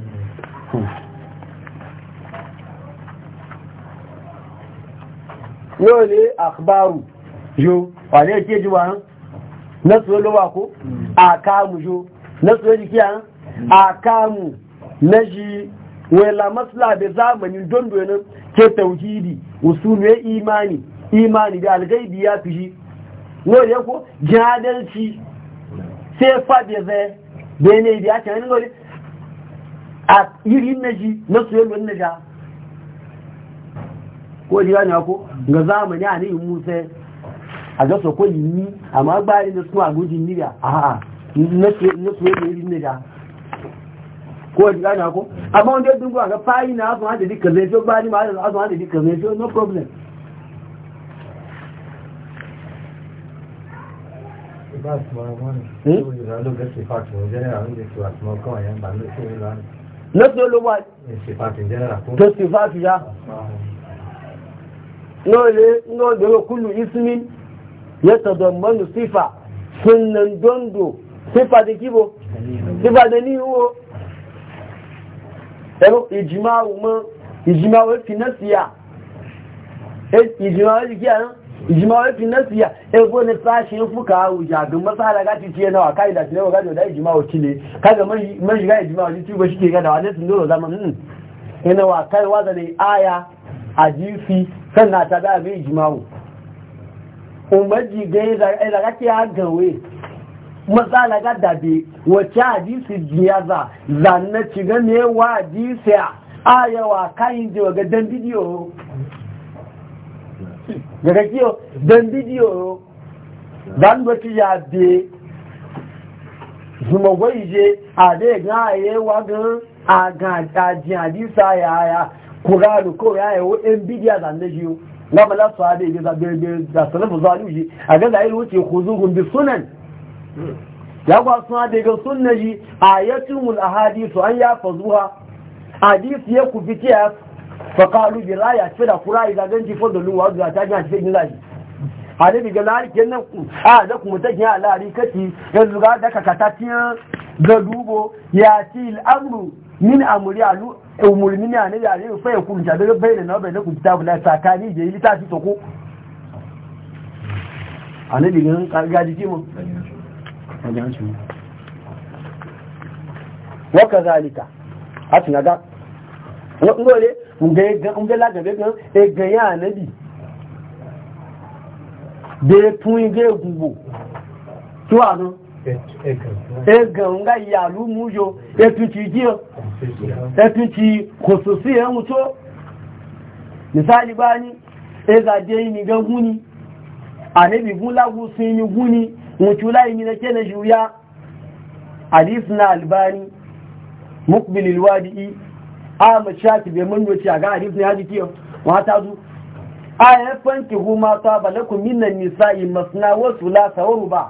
yau ne akbaru yau wane ke na tsoye lowa ko a kamu jo na tsoye jikiya a kamu na ji wela masla da zamanin don donin ke tauhidi usulu ya imani imani da algaibi ya fi shi nori ya ko jihadalci sai faɗe zai da yanayi da ya ce wani a yirin na ji na tsoye lowa na ja ko ji gani ko ga zamani a ne musa a ga so koyi ni amma ba ni da a'a na so ne ri ko ko wanda na so ba ni ma so no problem ba su ma wani shi ne da lokacin fatima general ne ke wasu ma kawai yan kúlù ismin ya tazammanu sifa sunan dondo sifa da kibo sifa da niwo ero ijima uma ijima wa finasiya e eh, ijima wa jiya ijima wa finasiya e eh, go ne tashi fuka u ja dun ma sala ga tiye na wa kai da tiye wa ga da ijima wa kile ka ga mai shi, ga ijima wa tiye ba shi ke ga da wani tunduro zama mun ina hmm. eh, wa kai wa da ne aya a jifi sannan ta da mai ijima wa umarji gai zaga ke gawe matsala ga dabe wace hadisi jiya za zanna ci ga ne wa hadisi a ayawa kayan ji wa ga dan bidiyo ga kiyo dan bidiyo zan wace ya de zuma gwaije a dai ga wa ga a ga hadisa ya ya kuranu ko ya yawo yan bidiyo zanna jiyo gama la su haɗe da salafu zaluji a ga zahiri wuce ku zuhun bi sunan ya kwa suna daga sunan ji a ya mu a hadisu an ya fazuha hadisu ya ku fiti ya faƙalu bi raya ce da kura ya zagen ci da luwa zuwa ta gina cikin lashi a da biga lari ke nan a da kuma ta ya lari kati yanzu ga da kakata tiyan ga dubo ya ci al'amru min amuri alu umurni ne anabi alayhi fa yakun jabe bayna na bayna ku kitabu la sakani je ili ta ci soko ni gan karga ji mu wa kazalika atin ga ngole nge ga nge la ga ga e ga ya anabi de tun ge gugu to anu egan ga yalu mujo etuci jiyo etuci kususi ya mutu misali bani ezade ni ga guni anabi gulagu sun yi guni mutula ni na kene juya hadis na albani mukbil alwadi ahmad shati be mun wuce ga hadis ne haji kiyo mata zu ayafan ki nisa'i masna wa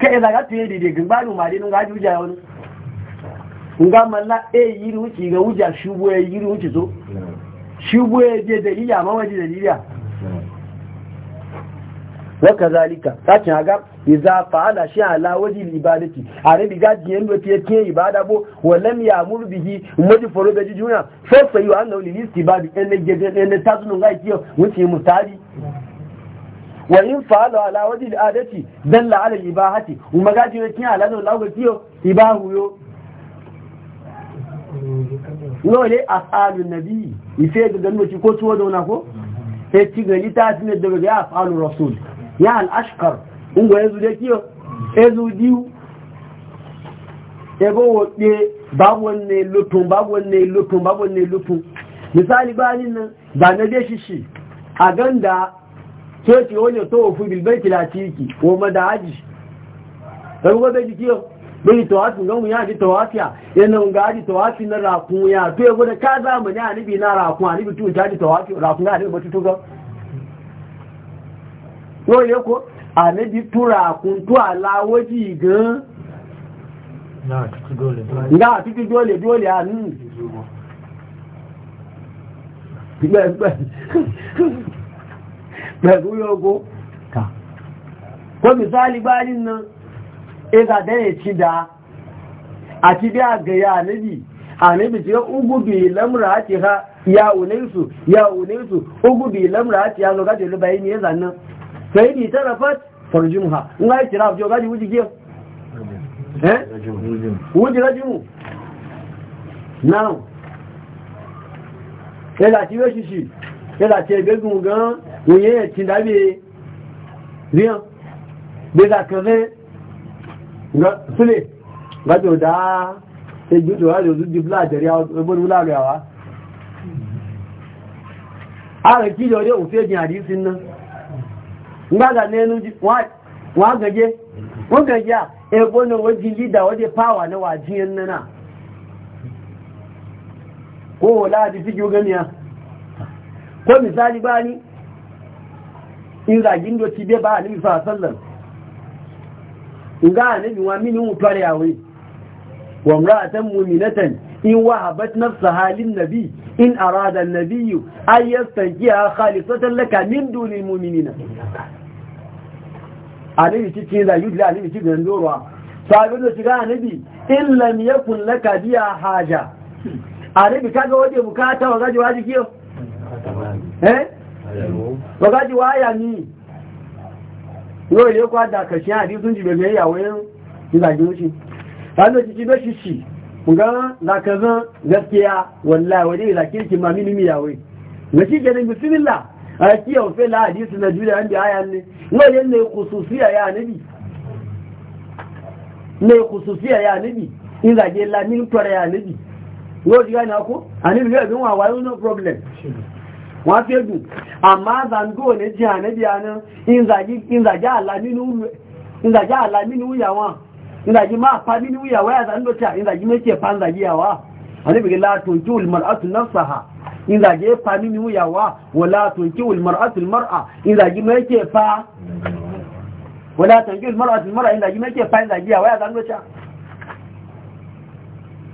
Ka za e, ka tuye daidai gbaru ma dai nunga juja wani nga malla e yiri wuce ga wuja shubu ya yiri wuce so shubu ya je dalila ma waje dalila waka zalika sakin haga iza fa'ala shi ala waji ibadati are bi diga diyen do tiye ke ibada bo walam ya mur bihi mudi foro da juna fa fa yu annahu lil istibadi en ne gede en ne tazunu ga kiyo wuce mutari wa in fa'alu ala wajhi al'adati dalla ala ibahati wa ga ji kin ala da lawo tiyo ibahu yo no le asalu nabi ife da dan ko tuwo da wana ko sai ci gari ta tun da ga asalu rasul ya al-ashqar ungo yazu da kiyo Ezu diu ebo wo de babu ne lutun babu ne lutun babu ne lutun misali ba ni nan ba na de shi a ganda sai ki wani to fu bil baiti la tiki ko madaji dan wa bai kiyo bai to hasu ga mu ya ji tawafiya yana ga ji tawafi na rakun ya to ya gode ka za mu ne anibi na rakun anibi tu ta ji tawafi rakun ga ne ba tu ga wo ye ko anibi tu rakun tu ala waji gan na tutu dole na tutu dole dole a nu pẹ̀lú yóò ta kó misali bá nínú ìsàdẹ́yẹ̀ ti dá àti bí àgẹ̀yà àníbì àníbì tí ó gúgbì àti ha ya onésù ya onésù ó gúgbì àti ha lọ́gájẹ̀ ló báyé ní ẹ̀sà náà fẹ́yí ni tẹ́rẹ fẹ́t fọ̀rọ̀jùm ha ń gáyé tìrà gan oye ti dabe riyan bai za ka zai sule gajo da sai juto ya zo di blajari ya wani wulagawa a ga kijo dai ofe jin hadisin nan nga ga nenu wa gaje wọn gaje a ebo na wajen lida wajen pawa na nana ko wala da fi gani ya ko misali bani in zagin doki bai ba a nufi fasallar ga nufi wa mini mutuwar yawai wa mura'atan muminatan in wahabat nafsa halin nabi in arada nabiyu an yastanki a khalisatan laka min dunin muminina a nufi cikin zagin da a nufi cikin dorowa sabin da shiga a nufi in lam yakun laka biya haja a nufi kaga waje bukata wa gajewa jikiyo eh bakaji waya ni yóò yẹ kó àdá kẹsí àdí tún jìbẹ̀ mẹ́ ìyàwó ẹ̀rùn ìgbàjú ṣe láti òjì ti bẹ́ ṣìṣì ǹkan lákẹ̀ẹ́sán gẹ́kẹ́yà wọ̀lá ìwọ̀dé ìlàkíyèsí ma mímí ìyàwó ìgbẹ̀sí jẹ́ nígbì símìlà àti ọ̀fẹ́ láàdí sí nàìjíríà ń bí àyà ní wọ́n yẹ ní kùsù sí àyà níbi ní kùsù sí àyà níbi ìlàjẹ́ la ní tọrẹ àyà níbi wọ́n ti gbá ní akó àníbi yóò bí wọn àwárí no problem wọ́n fẹ́ dù àmá zango ní jí ànẹ́bí àná ìzàjá àlàmínú ìyàwó ìzàjí máa pa nínú ìyàwó àzàndọ́ta ìzàjí méjì pa ń zàjí yàwó àníbìgì látòjú ìlmọ̀látù náà sàhà ìzàjí pa nínú ìyàwó wọ látòjú ìlmọ̀látù mọ́ra ìzàjí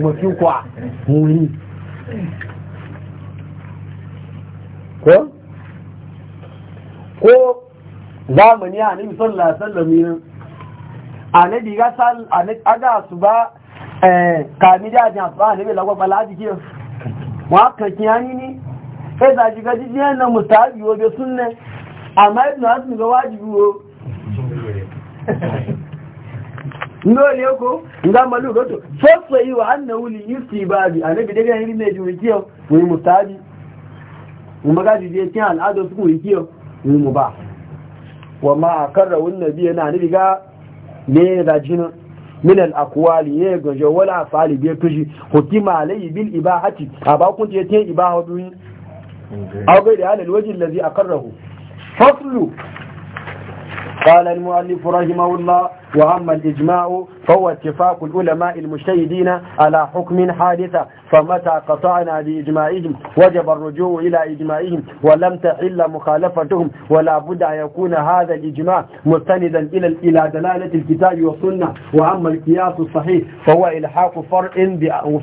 mo fi kwa ko ko zamani a nabi sallallahu alaihi wasallam ne ga sal aga su ba eh kami da jan ba ne la gwa kiyani ni sai eh, da ji ga na mustahabi wo be sunne amma ibn azmi ga wajibi wo ngole ko ngama lu goto fosso yi wa annahu li yustibadi anabi daga hin ne juri kiyo mu mutabi mu maga ji je kin al'ado su yi kiyo mu mu ba wa ma akarra wan ga da faslu قال المؤلف رحمه الله وأما الإجماع فهو اتفاق العلماء المجتهدين على حكم حادثة فمتى قطعنا بإجماعهم وجب الرجوع إلى إجماعهم ولم تحل مخالفتهم ولا بد أن يكون هذا الإجماع مستندا إلى إلى دلالة الكتاب والسنة وأما القياس الصحيح فهو إلحاق فرع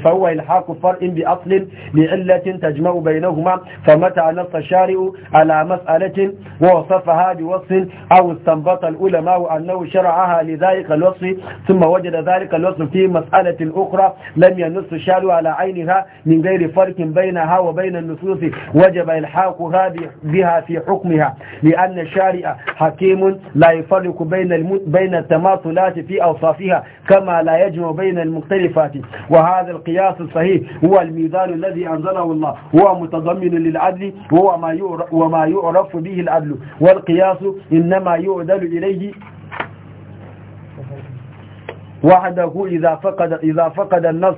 فهو إلحاق فرع بأصل لعلة تجمع بينهما فمتى نص الشارع على مسألة ووصفها بوصف أو استنبط العلماء أنه شرعها ذلك الوصف ثم وجد ذلك الوصف في مسألة أخرى لم ينص الشارع على عينها من غير فرق بينها وبين النصوص وجب إلحاقها بها في حكمها لأن الشارع حكيم لا يفرق بين بين التماثلات في أوصافها كما لا يجمع بين المختلفات وهذا القياس الصحيح هو الميزان الذي أنزله الله هو متضمن للعدل وهو ما يعرف به العدل والقياس إنما يعدل إليه وحده إذا فقد, إذا فقد النص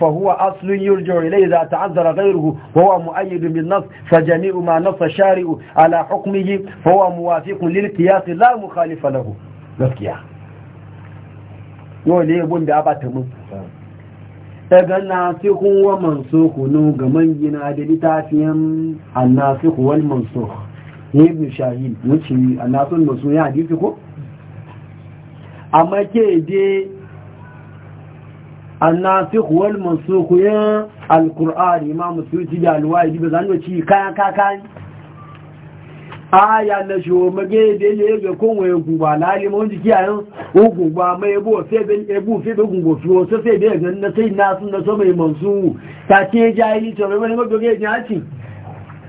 فهو أصل يرجع إليه إذا تعذر غيره وهو مؤيد بالنص فجميع ما نص الشارع على حكمه فهو موافق للقياس لا مخالف له gaskiya yau ne yabon da abata mun daga nasikun wa mansuku nu ga mangina da littafiyan annasiku wal mansuk ibn shahid masu hadisi ko amma ke je annasikh wal mansukh ya alqur'an imam suyuti da alwaidi ba zan ci kayan kakan aya na sho mage de le ga kon we guba lali mon jiki ayan o guba mai bo fe ben ebu fe be gungo fi o so fe be ga na sai na sun na so mai mansu ta ce jayi to be ne go ge jati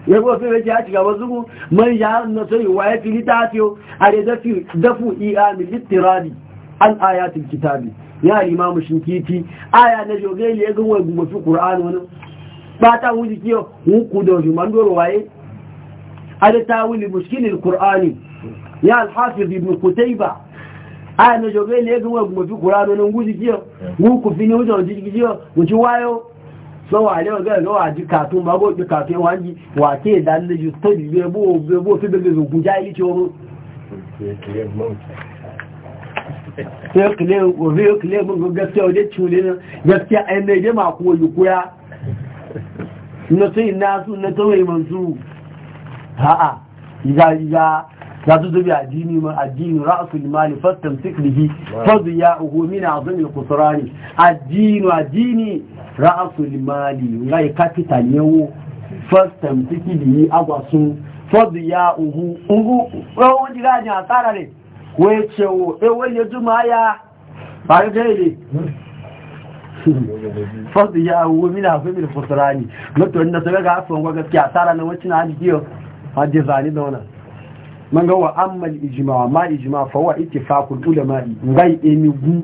ya bo fe be jati ga wazu mai ya na sai wa ya filita fi o are da fi dafu iya min an ayatul kitabi ya imamu shinkiti aya na joge ya ga wai gugu fi qur'an wani ba ta wuji kiyo ku da shi mandoro waye ada tawil mushkilil qur'ani ya al-hafiz ibn qutayba aya na joge ya ga wai gugu fi qur'an wani guji kiyo ku fi ni wujo jiji kiyo wuci wayo so ale wa ga wa ji katun ba go ji katun wanji wa ke dan da ju tabi be bo be bo fi be go guja yi ciwo sai kile gobe ya kile mun gaskiya wajen cule na gaskiya yi mai jama ko yi kuya na sai na su na tawai mansu ha'a ya ya ya su zubi addini ma addini ra'sul mali fastamsik bihi fadu ya uhu min azmi al-qusrani addini addini ra'sul mali ngai capital yawo fastamsik bihi agwasun fadu ya uhu uhu rawon jiga a tsara ne wai cewo e wai ya juma ya faru da ile fasu ya wuwa mina hafi mil fusurani mutu wanda su gaga hafi wangwa gaskiya tsara na wacce na ajiye hajji zane da wannan man ga wa ijima ijma ma ijma fa ma ittifaqul ulama ngai emigu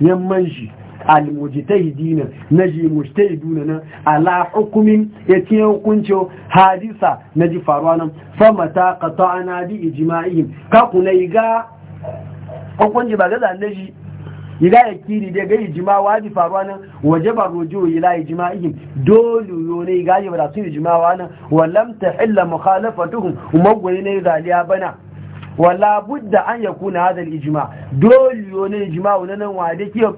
yamman shi almujtahidin naji mujtahidun na ala hukumin yace hukunci hadisa naji faruwa nan fa mata qata'ana bi ijma'ihim ka kunai ga hukunci ba gaza ne shi ila ya kiri dai ga ijima ji faruwa nan waje ba rojo ila ijima ihim dole yo ne ga ba da su ijima wa nan wallam tahilla mukhalafatuhum umagwai ne zaliya bana wala budda an yakuna hadha al-ijma dole yo ne ijma nan wa da ke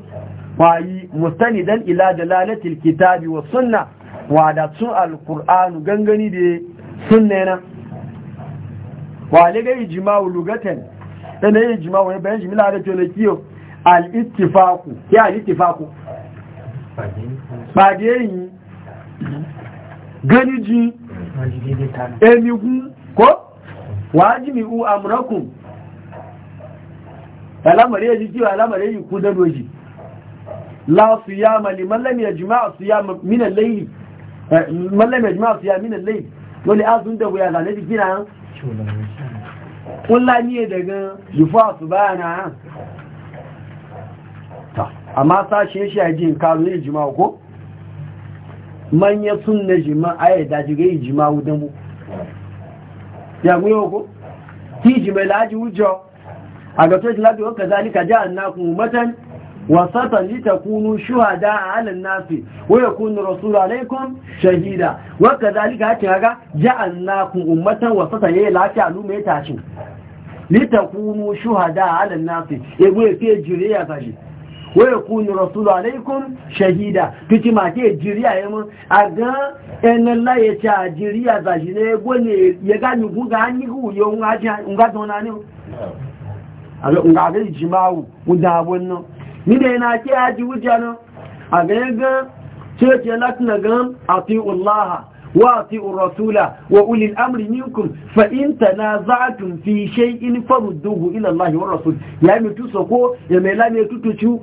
wayi mustanidan ila dalalati al-kitabi was sunna wa da sun al-qur'anu gangani da sunna na wa lega ijma lugatan ene yi jima wani bayan shi mila da tole kiyo al-ittifaku ya al-ittifaku pàdé yìí gẹ́nìjì emigun kó wàájì mi u amurakun alamari ya jikiwa alamari yi ku dadoji la su ya mali mallam ya jima'a su ya minan jima'a kula ne daga yufa su bayana amma sashe shi a jin kazo ne jima ko manya sun na jima a yi daji ga yi jima wudan mu ya gwiwa ko ti jima laji wujo a ga to shi laji wanka zalika ja'an nakun matan wasata litakunu shuhada ala nafi wa yakunu rasulun alaikum shahida wa kadhalika haka kaga ja'alnakum ummatan wasata yayi lafiya lume tashi litakunu shuhada ala nafi e go yake jiriya kaji wa yakunu rasulun alaikum shahida kici ma ke jiriya yayi mun aga en la ya ta jiriya kaji ne go ne ya ga nugu ga ni hu yo ngaji ngadona ni aga ngaji jimawu udawon no nílé iná kí a jí wújẹ́ ní àgẹ́gán tí ó jẹ láti nà gan àti ọláhà wà àti ọ̀rọ̀súlà wà ulil amri minkum fa in tanaza'tum fi shay'in farudduhu ila Allahi wa rasul ya mi tu soko ya me la me tutuchu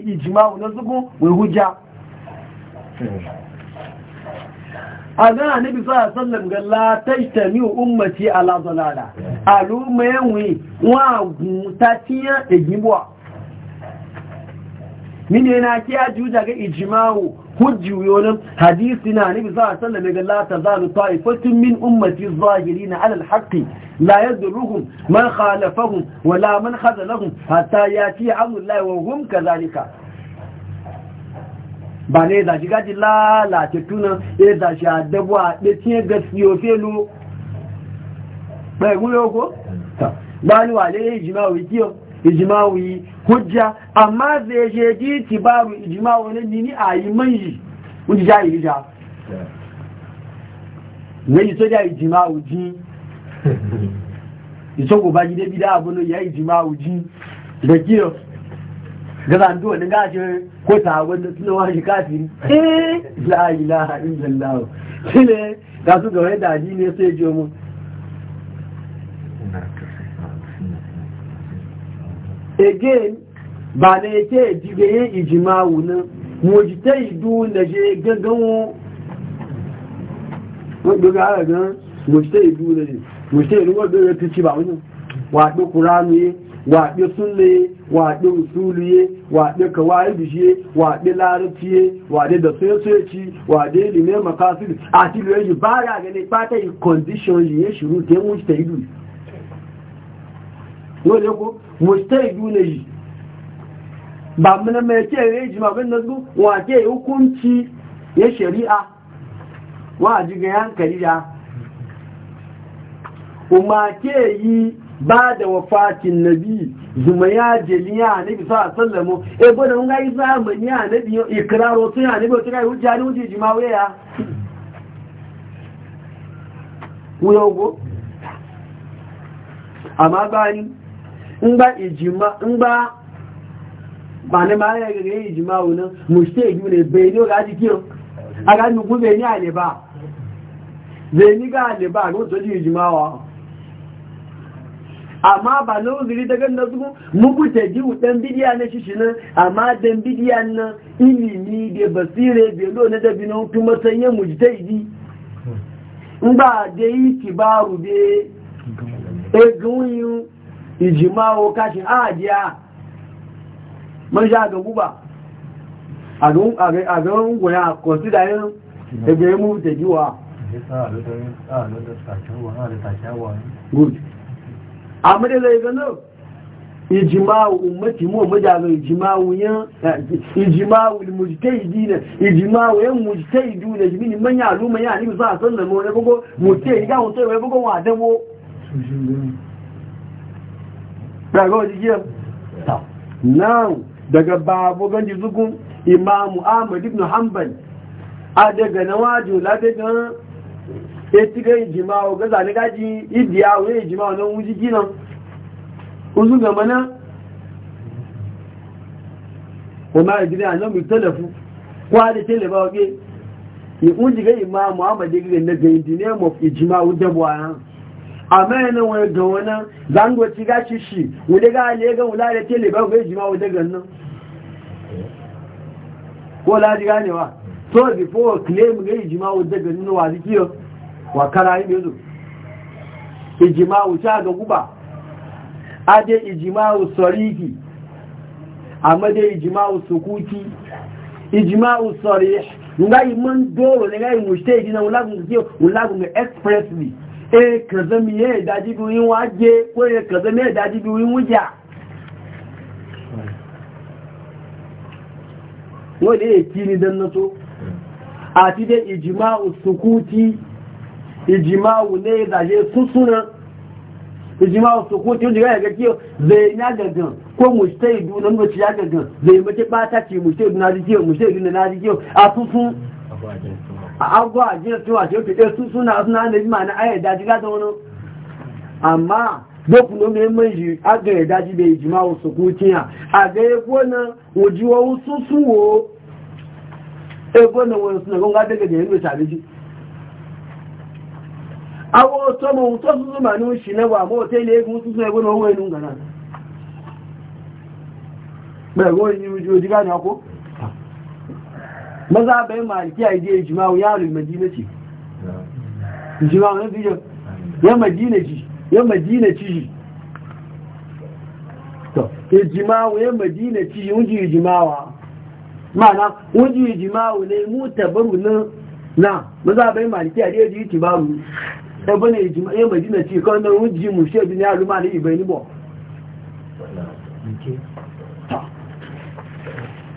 ijma'u hujja a ga annabi sa sallam ga la tajtami ummati ala a aluma yanwi wa da egibwa mini na kiya juja ga hujji hujjiyonin hadisi na nabi za a sallame ga lata za a ta'ifatun min ummati zahiri na alal haƙi la yadda ruhun man khalafahun wala man hazalahun hatta ya ci amullahi wa hum kazalika ba ne za shi gaji lalace tunan ya za shi adabu a ɗaci ga siyo felo bai guyo ko? ba ni wale ya ijima wikiyo ijima wuyi hujja amma zai je ji ti babu ijima wani nini a yi manji wuji ja yi ja ne yi soja ijima wuji isogo ba gide bida abu ya ijima wuji da kiyo ga zanduwa ni ko ta wanda suna wani kafiri eh la ilaha illallah shi ne da su ga da ji ne sai jiyo mu again ba na yake jibe yin ijima wunan mojita idu na je ganganwo wadda ga ara gan mojita idu na je mojita idu wadda ya tuci ba wani wadda kuranu ye wadda sunne waɗe usuluye waɗe kawaidishiye waɗe larabciye waɗe da soyasoyaci waɗe lime makasir a tiliyoyi yi ba ya gane fata yi condition yi ya shiru ta yi mustaidu wale ko mustaidu ne yi ba muna mai ce ya ji magana nasu wace yi hukunci ya shari'a wa a jiga yankali ya kuma ke yi ba da wafatin nabi zuma ya jeli ya nabi sa sallamu e gwada mun gai zamani ya nabi ikraro sun ya nabi wata gai hujja ne wuce jimawe ya ku yau amma ba ni in ba ijima in ba ba ne ma ya gagare ijima wani mushte ibi ne bai ne ga jikin a ga nukun bai ni a ne ba bai ni ga ne ba ga wato jimawa amma ba na uzuri daga da su muku ta ji dan bidiya na shi shinan amma dan bidiya na ilimi da basire belo na da binan tu masanye mujtahidi in ba da yi kibaru da egun yi ijimawo kashin ajiya man sha ga guba a ga nguna consider yin ebe mu ta jiwa Good. amúdé lọ ìgbẹ́ náà ìjìmáwò ummati mú ọmọdé ìjìmáwò yẹn ìjìmáwò ìmùjìtẹ́ ìdí nẹ ìjìmáwò yẹn mùjìtẹ́ ìdí nẹ jìmí ni mẹ́yà àlúmọ̀ yà níbi sáà sọ́nà mọ́ rẹ gbogbo mùtẹ́ ìdáhùn tó rẹ gbogbo wọn àdẹ́wó now daga babu ganji zukun imamu ahmad ibn hanbal a daga nawajin labegan eti ga ijima o ga zane gaji ibiya o ijima o wuji ginan uzu ga mana o ma ijini a nan mutalafu kwa da teleba oge yi unji ga ima muhammadu ga na ga indine mo ijima o dabuwa yan amma yana wani ga wani zango ci ga ci shi wule ga ale ga wula da teleba o ijima o daga nan ko laji ganewa so before claim ga ijima o daga nan wa zikiyo wakara ibe zu ijimawu sha ga guba ade ijimawu sariki amma dai ijimawu sukuti ijimawu sarih ngai mun doro ne ngai mujtahidi na ulagun kiyo ulagun expressly e kaza mi e daji bi yin waje ko e kaza mi e daji bi yin wuja wọ́n lè kí ni dan na so àti dai ijimawu sukuti ijimawu ne zaje susuna ijimawu su ko tun diga ga na gagan ko mustai du nan mutu zai mace bata ci mustai du na ji du na ji kiyo a susu agwa ajin ma na daga àwọn ọ̀tọ́ mọ̀ tó súnmọ̀ mà ní oṣù lẹ́wà mọ́ tẹ́lẹ̀ egun túnṣù ẹgbẹ́ náà owó ẹnu gànà pẹ̀lú ìyí ojú ojú bá ní ọkọ́ mọ́sá bẹ́ẹ̀ máa kí àìdí ìjìmá òyà àrùn ìmẹ̀dínẹ̀tì ìjìmá òyà fíjọ yọ mẹ̀dínẹ̀tì yìí ìjìmá òyà mẹ̀dínẹ̀tì yìí oúnjẹ ìjìmá wa mana oúnjẹ ìjìmá òyà mú tẹ̀bọ̀rù náà mọ́sá bẹ́ẹ̀ máa kí àìdí ìjìmá òyà ẹgbọ́n ìjìmọ̀ ẹ̀yẹ́ tí kan náà ń jìmù ṣe ìbí ní àrùmá ní ìbẹ̀ níbọ̀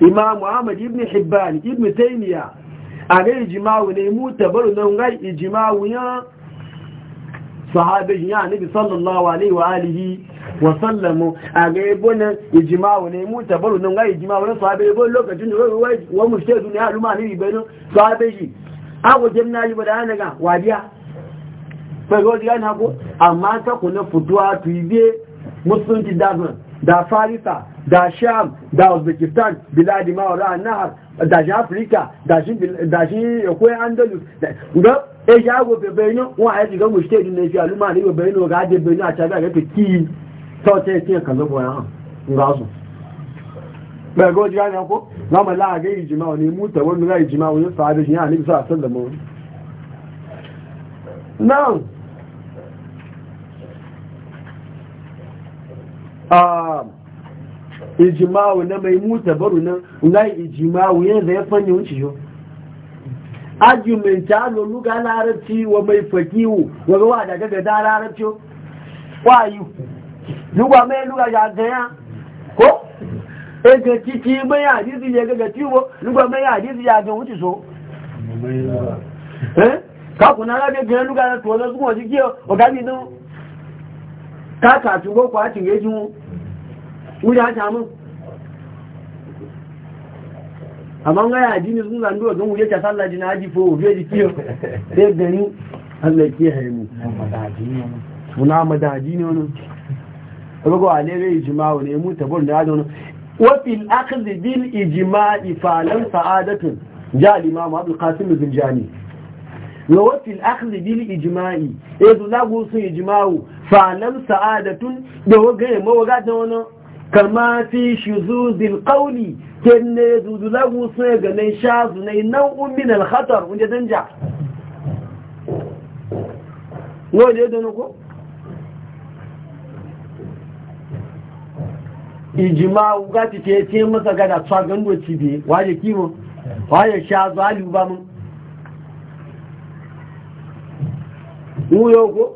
imam muhammad ibn hibban ibn taimiyya a ga ne mú tabaru na ń gai ya nabi sallallahu alaihi wa alihi wa sallamu a ga ibn ijma'u ne mu tabaru nan ga ijma'u ne sahabe ibn lokacin da wai wa mushahidun ya aluma ne ibn shi a wajen wadiya pẹ̀lú ọdí gáyìn àkó àmá tẹ́kùnlẹ̀ fòtó àtù ilé musulunci dazman da farisa da sham da uzbekistan biladi ma'aura nahar da shi afirka da shi akwai andalus ga e shi agwo bebe wọn a yi shiga mu state ne shi aluma ne bebe ino ga adi bebe ino a cabi a gafe ki sauta ya kan zabo ya ga su bai ga wajen yana ko zama la ga yi jima'u ne muta wani ga yi a ijimawu na mai muta baru na ijimawu ya fanyi wuce yau argument ta luga larabci wa mai fakiwu wa ga wada daga da larabci wayu luga mai luga ya ko Ege titi mai ya ga tiwo luga mai hadisi ya ga so eh ka kuna zuwa don káàkà tí ó pàá tìrẹ jú wúrí àjá mú àmọ́ ń gáyà jí ní súnlá ní ọ̀gán wúrí ẹ̀kà sálà jí náà jí fò òfin èdè tí ó tẹ́ gẹ̀rin alẹ́kí ẹ̀rẹ̀mù fún àmàdà jí ní ọ̀nà ọgbọ́gbọ́ àlẹ́rẹ́ ìjìmá ò ní mú tẹ̀bọ̀n falam sa'adatun da waga ya mawaga ta wani kama fi shuzuzil qawli kenne zuzulagu sai ga nan shazu ne nau'un min al-khatar wanda danja wanda da ko ijima ga ti ke ce masa ga da tsagan doci biye. waje kimo waje shazu alu ba mun wuyo ko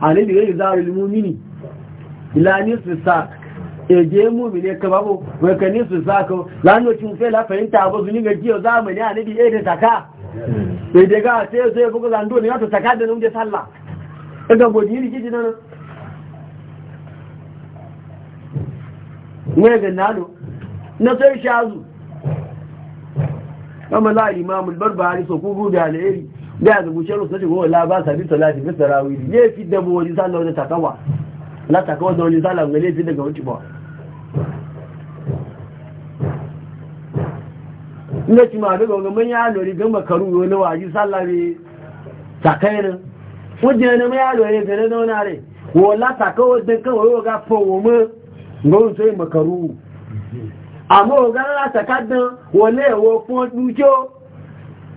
annabi ya yi lil mu'mini ila nisfi sa eje ne ka babu wai ka nisfi sa ko lanu cin sai la fahimta abu zuni ga jiyo zamani a ya da taka sai ga sai sai buga do ne ya to taka da nan je sallah daga bodi rikiji nan ne ga nalo na sai shazu amma la imamul barbari so ku gudu alheri bí àzùgbùṣẹ́ ló sọ́jú wọ́n lábá sàbítọ̀ láti fẹ́ sọ̀rọ̀ àwìrì lé fi dẹ̀bọ̀ orí sálọ ọdún tàkàwà látàkọ́ ọdún orí sálọ ọdún lé fi dẹ̀gà ó tìbọ̀ ilé ti máa dẹ́gbọ̀ ọgbọ̀n mẹ́yà lórí gẹ́gbẹ̀ karú wọlé wà yí sálárì tàkẹ́rin wọ́n jẹ́ ẹni mẹ́yà lórí gẹ́rẹ́ náà rẹ̀ wọ́n látàkọ́ ọdún kẹwọ́ yóò ga fọ́ wọ́n mọ́ gbọ́n tó yẹ mọ̀karú àmọ́ ọ̀gá látàkádán wọlé ẹ̀wọ̀ fún ọdún tí ó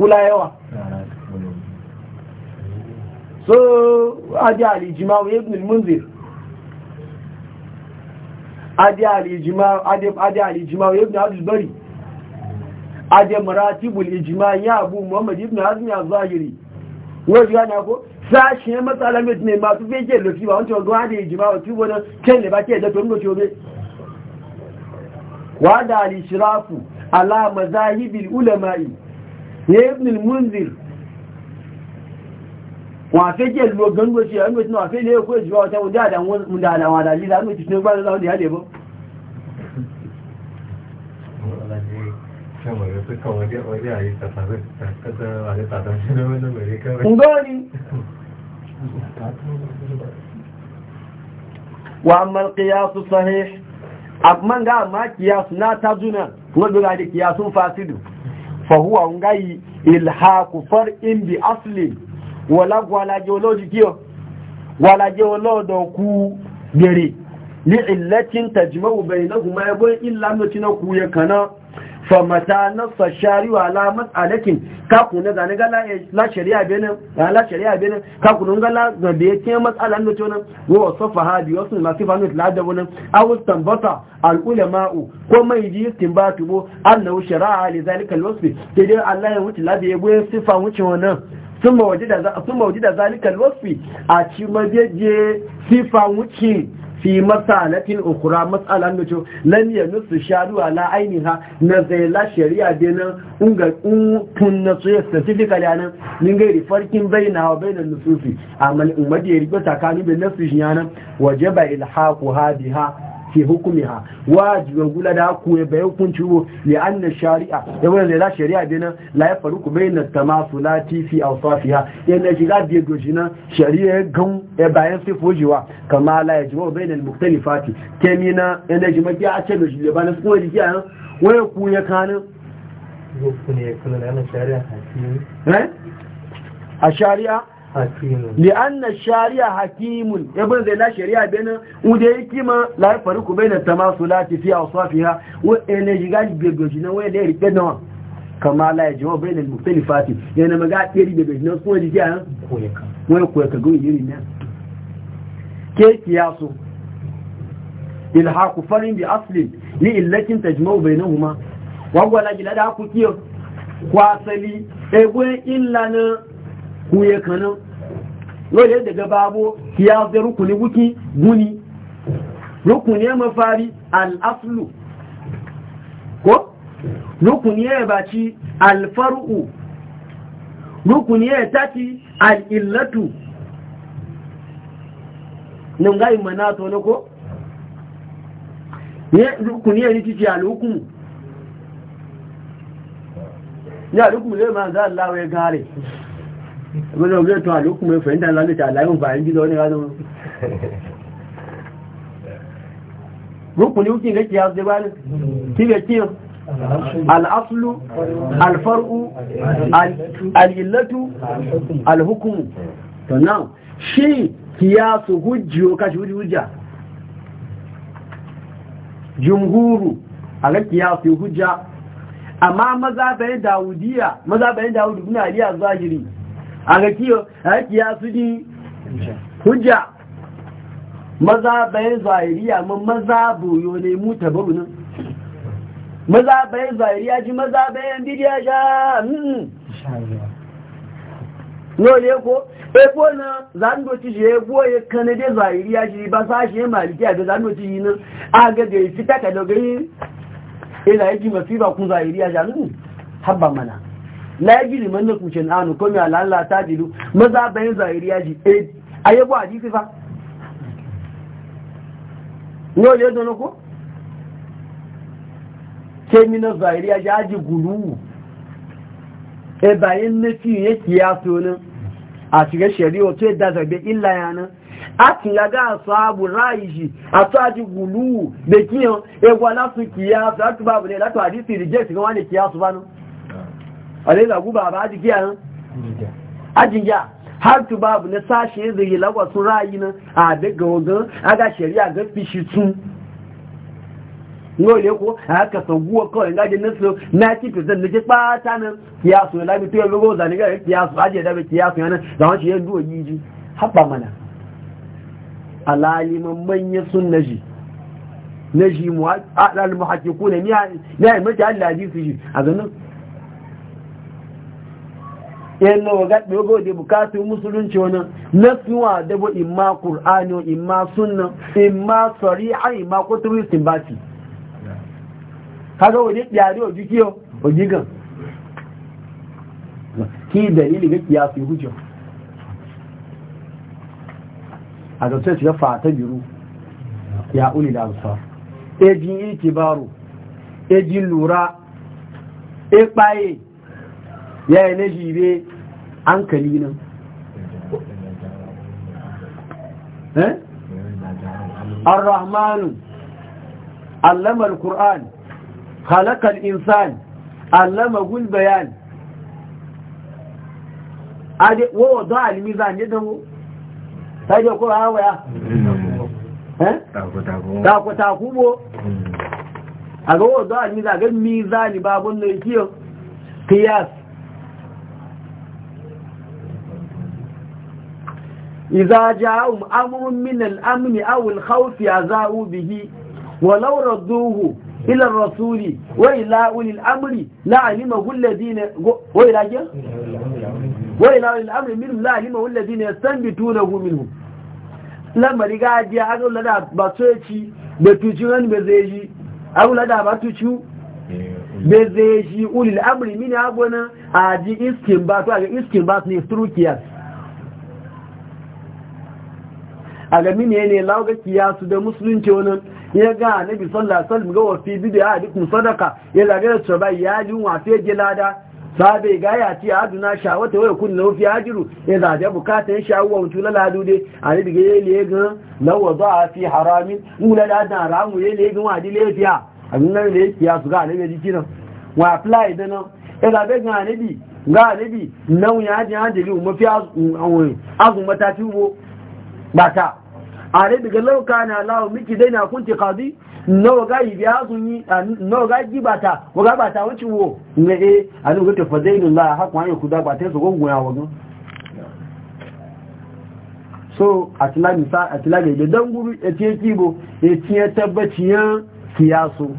kula yawa so adi alijima wa ibn al-munzir adi alijima adi alijima wa ibn abdul bari adi maratibul ijma ya abu muhammad ibn azm ya zahiri wani gane ko sashi ne matsala mai ne masu fege lofi ba wancan ruwa da ijima wa tubo na can da ba ke da tono shobe wa da alishirafu ala mazahibil ulama'i ya ibn munzir wa fe je lo gango shi an mutu na fe le ko jiwa ta wanda da mun da alawa da lida mun tinu ba da ya lebo ngoni wa amma al-qiyas amma ga ma qiyas na wanda ga fasidu fahuwa ngai ilhaku far'in bi asli wala wala geology kiyo wala geolodo ku gere li illatin tajma'u bainahuma yabun illa mutina ku kana. famata nasa shari'a ala mas'alatin ka kuna zane ga la shari'a bene la shari'a bene ka gala ga da yake matsala na tona wa safa hadi wasu masu fanu la da wannan aw tambata al ulama'u ko mai ji timbatu bo annahu shari'a li zalika al wasfi sai dai Allah ya wuce la da ya goyen sifa wuce wannan sun mawajida sun mawajida zalika al a ci majeje sifa wuce fi masalatin ukura matsalan da cewa lam ya nusu sharu ala ainiha na zaila shari'a da nan unga kun na so specifically anan min ga rifarkin baina wa nusufi amal ummadi ya rigo tsakanin da nasu shi nan wajaba ilhaqu hadiha fi hukumiha wajib gula da ku ya bai hukunci wo li anna shari'a ya wannan da shari'a bina la ya faruku bayin tamasulati fi awsafiha yana shiga biye gojina shari'a gan e bayan sifojiwa kama la ya jiwa bayin al-mukhtalifati kemina yana jima ki a ce da shi ba na kuma jiki a ya ku ya kana ku ne kana shari'a eh? a shari'a li'anna shari'a hakimun ibn zai la shari'a benin wanda ya kima la fariku baina tamasulati fi awsafiha wa energy ga gbegoji na waya da rike na kama la ya jawo bainal mukhtalifati yana maga tsiri da gbegoji na so ji ya wani koya ka go yiri na ke kiyasu ilhaqu farin bi aslin li illatin tajma'u bainahuma wa gwala gila da ku kiyo kwasali egwe illa na kuye kanan lóye daga babu ya zai rukuni wuki guni rukuni ya mafari al'aflu ko rukuni ya baci alfaru'u rukuni ya tafi al'illatu nan ga imana manato ne ko ne rukuni ya rikici al'hukumu ya rukuni ya ma za Allah ya gare wani oge tun alukun mai fahimta lalata alayin bayan gizo wani gano rukuni hukun da kiyar zai bani kibe kiyar al'aslu alfar'u al'illatu alhukumu to now shi kiyasu hujjiyo kashi hujja jumhuru a ga kiyasu hujja amma maza bayan dawudiya maza bayan dawudu guna zuwa zahiri a ga kiyo a kiya su di hujja maza bayan zahiriya ma maza boyo ne mu tabaru nan maza bayan zahiriya ji maza bayan bidiya ja no ne ko ebo na zando ti je ebo ye kanade zahiriya ji ba sa shi maliki a ga zando ti yin a ga ga fita ka dogayi e ila yaji masiba kun zahiriya ja habba mana lagiri manna kucin anu komi alala ta jilu maza bayan zahiri ya ji a yabo a jifi fa yau ne dono ko ke mina zahiri ya ji aji gulu e bayan na fi ya kiyaso nan a shiga shari'a to yadda zabe illa yanan a ti laga aso abu raishi ato aji gulu e da kiyan egwa su kiyaso a tuba abu ne lato hadisi reject ga wani kiyaso ba nan ale da guba ba aji nan? ajin ya har tu babu na sashe zai lagwa sun rayu nan a daga wagan aga shari'a ga fishi tun ngole ko haka sanguwa kawai na su na ci fi zan nake bata nan kiyasu na lami tuyar lugo zane ga kiyasu aje da kiyasu yana da wani shi ya duwa yiji haɓa mana alaliman manya sun naji naji mu a ɗan muhakiku ne ni a yi mace allah su ji a zanen yana wa gaɗe ga wadda bukatun musulunci wani na suwa dabo imma imma sunna imma sari'a imma simbati kaga wa jikiyo wa ki dalili ga kiyasi hujjo a ga sai shiga fata biru ya uli da ejin itibaru ejin lura e ya yi na jibe hankali nan eh? ar-rahmanu allama al-qur'an khalaqa al-insan allama gul gulbayan adi wo wada al-mizan ne dawo taje ko hawa ya eh ta ko ta ko ko ta ko bo hmm. aga wada al-mizan ga mizan babun ne kiyo qiyas إذا جاءهم أمر من الأمن أو الخوف يزاءوا به ولو ردوه إلى الرسول وإلى أولي الأمر لا علمه الذين وإلى وإلى أولي الأمر منهم لا علمه الذين يستنبتونه منهم لما رجع جاء أقول لنا بسويتي بتوجيهن بزيجي أقول لنا بتوجيه بزيجي أولي الأمر من أبونا أجي إسكنبات وأجي إسكنبات نفتروا كياس a gami ne ne ya su da musulunci wani ya ga na sallallahu alaihi ga wafi bidiyo a duk sadaka ya zage da tsaba ya ji wa fe gilada sabe ga ya ci aduna shawata waya kun na fi hajiru ya zaje bukatan shawuwa mutu na ladu dai ne daga yele ga a fi haramin mula da da ramu yele ga wa dile fiya abin nan da su ga annabi jiki kiran wa apply da nan ya zabe ga nabi ga a nabi nan ya ji hajiri mu fi azumata mm, bata a rai daga lauka na lawo miki dai na kunti kazi nawa ga yi biya sun yi nawa ga yi bata waga bata wancin wo na e a nan gata fadailun la haka wani kuda ba ta yi su goya wagon so a tila misa a tila da don guru e ya ce kibo e ya ci ya kiyasu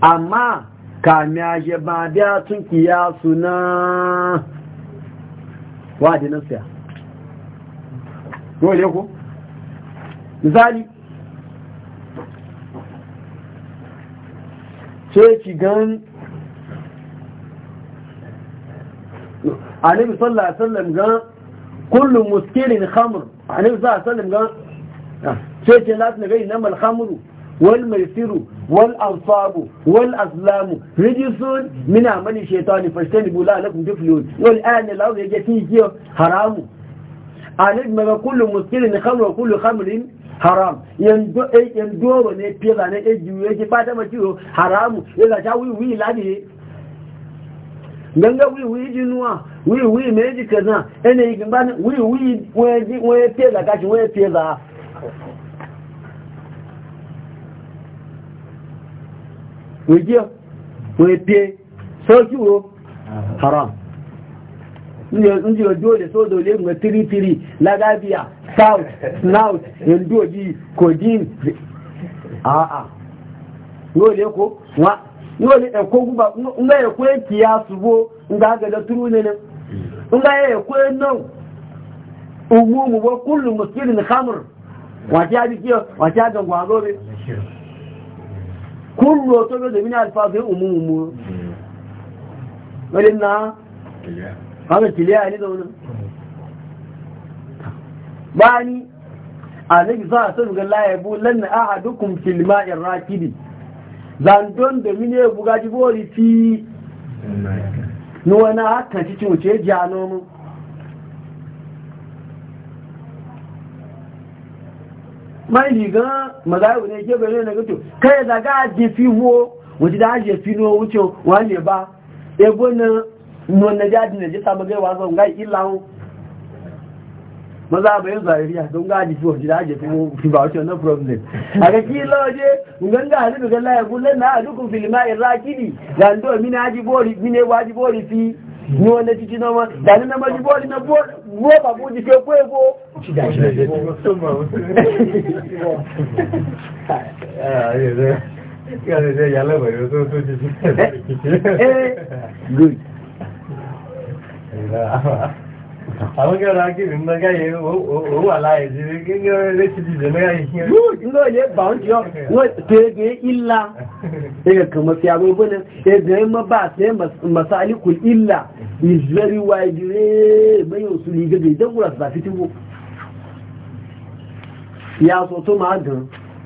amma kamiya ya ba biya tun kiyasu na wadinafiya dole ko misali ce ki gan alim sallallahu alaihi wasallam gan kullu muskilin khamr alim sallallahu alaihi wasallam gan ah, ce ki lati ne gai nan mal khamru wal maisiru wal asabu wal azlamu rijisun min amali shaytani fashtani bula lakum diflun wal ani law yajati haramu alif maga kullu muskirin khamr wa kullu khamrin haram yando yando ne pila ne ejiwe ki fata maciwo haramu yaza ta wi wi ladi ganga wi wi jinuwa wi wi meji kaza ene igban wi wi weji we pila kashi we pila weji we pila sauki wo haram ndị ojú olè so olè mọ̀ tírí-tírí south north ndú òjì kòdín àà ní olè kó wá ní olè ẹ̀kọ́ gúbà ńgá ẹ̀kọ́ nga ya ṣùgbó ńgá agẹ̀dẹ̀ túrú nínú ńgá ẹ̀kọ́ náà ugbu mugbo kullu muskirin khamr wàtí adìkíyọ wàtí agagwa agóbe kullu otobe domini alfazin umumu hmm. wọ́n haka tiliya ne da wani ni, a nabi za a sun ga bu lan na aha dukkan filma in rakidi zandon da mini ya buga ji bori fi na wani hakan cikin wuce ji a mai liga mazayu ne ke bayan na gato kai zaga a jefi wo wuce da a jefi no wuce wani ba ebo na no na jadi ne ji samu gaiwa ngai ga illahu maza bayan zariya don gaji jiwo ji da ake kuma fi ba wacce wannan problem a ga kila waje ganga hali da galla ya gulle na a dukkan filima in rakidi da ndo mini haji bori mini waji bori fi ni wanda ciki na ma da ni na maji bori na bo ba bo ji ke kwe bo Good. àwọn kẹrọ agbèrè mẹ́gá yẹ ó wà láyé sí kí ní ọ̀rẹ́ lẹ́sì dìde mẹ́gá yìí ní ọ̀lẹ́ bà ń jọ wọ́n tẹ́gẹ̀ ìlà ẹgbẹ̀ kàmọ̀ sí àwọn ìbọnà ẹgbẹ̀ mọ́ bá tẹ́ masalikul ìlà is very wide rẹ̀ mẹ́yìn òsù ní gẹ́gẹ́ ìdẹ́gbùrà sí àfi tíwó yàtọ̀ tó máa dùn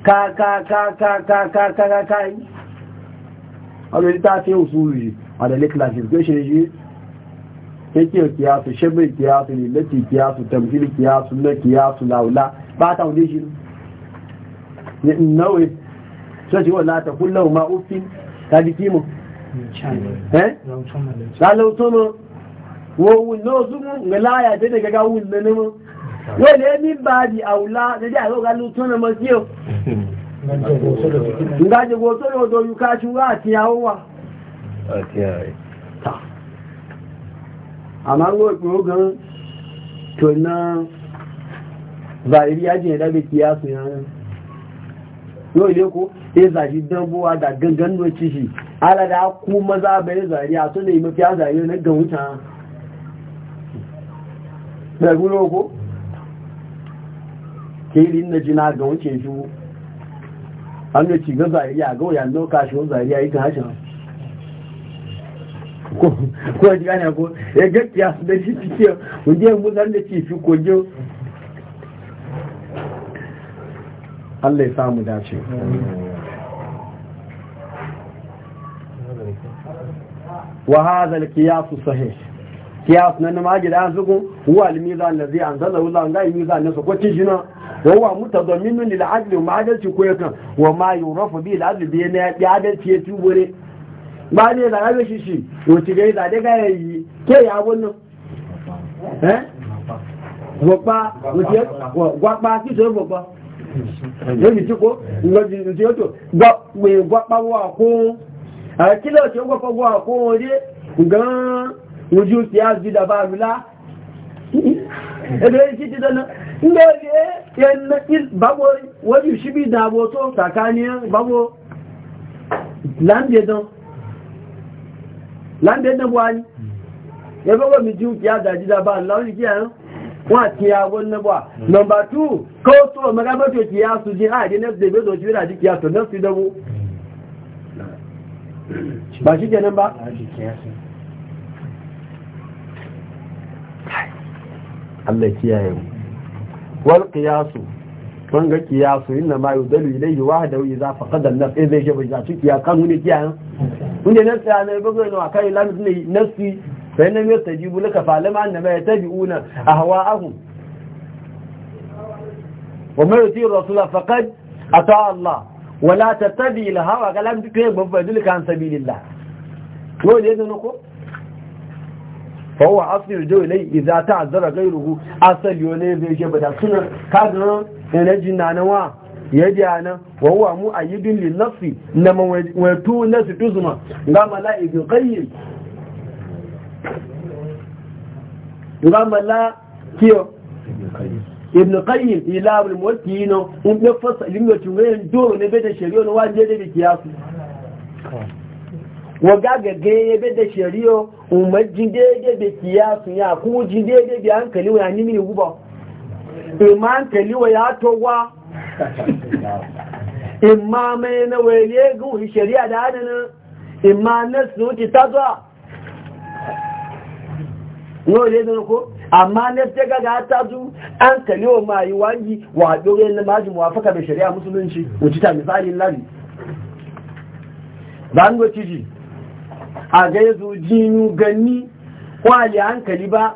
káàkáàkáàkáàkáàkáàkáà yake kiyasu shabai kiyasu lillati kiyasu tamthil kiyasu na kiyasu laula ba ta wuce shi ne nawe sai ce wala ta kullu ma uffin ta diki mu eh la lautono wo wo no zumu ngalaya de daga ga wun nan mu wele mi badi aula da ja ga lautono ma kiyo ngaje go to do yuka shuga tiyawa atiyawa e. ta amma an gowa kuma gan to na zahiri ya jina dabe kiyasu ya nan yau ile ko ya zaji dabuwa da gangan doci shi ala da ku maza bai zahiri a sun da yi mafiya zahiri na ga wuta da gulo ko ke yi na jina ga wuce shi an da ci ga zahiri a ga wuya nauka shi wa a yi ga hashin ko ji gane ko ya eh, gaskiya su da shi cike wuje mu zan da ci fi Allah ya samu dace wa hadha al-qiyas sahih qiyas nan ma gida zugun huwa al-mizan allazi anzalahu Allah ga mizan nasu ko Wa tijina وهو متضمن للعدل ومعادلة كويكا وما يعرف به ya بين ya tubure ba ne da rabe shi shi wuce gai zade gaya yi ke ya wannan eh ki ti ko ti o to we a ti je gan ti da ba rula ebe ti en na da to takani don láńdẹ́ náà wá ní ẹgbẹ́gbẹ́ mi jí òkè àdájídá bá láwọn ìkí àrùn wọ́n àti nọmbà wal qiyasu kan ga kiyasu inna ma yudalu ilayhi wahdahu idza faqada an-nafs idza jaba jatu ya kan ne kiya inda nafsi ne bugo no akai lan ne nafsi fa inna tajibu laka fa lam anna ma yatabi'una ahwa'ahum wa ma yuti ar-rasul faqad ata Allah wa la tattabi al-hawa kalam dukai babadul kan sabilillah ko ne da ko fa huwa asli yudalu ilayhi idza ta'azzara ghayruhu asal yone zai bada sunan kaga yana jinana wa ya ji ana wawa mu a yi dun lillafi na mawaitu na su tuzuma ga mala'ibin kayi ga mala kiyo ibn qayyim ila al na. un be fasa lingo tungayen doro ne be da shari'o na waje da yasu? wa gaga ga ya be da shari'o umar jinde da yasu ya ku jinde da bi hankali wa ni mini guba iman taliwa ya towa imma mai na wele gun shari'a da hannun imma na suci ta zuwa no le don ko amma ne ta ga ta zu an wa mai wangi wa dore na maji muwafaka da shari'a musulunci wuci ta misalin lari zango ji a ga yazo jinu ganni kwali hankali ba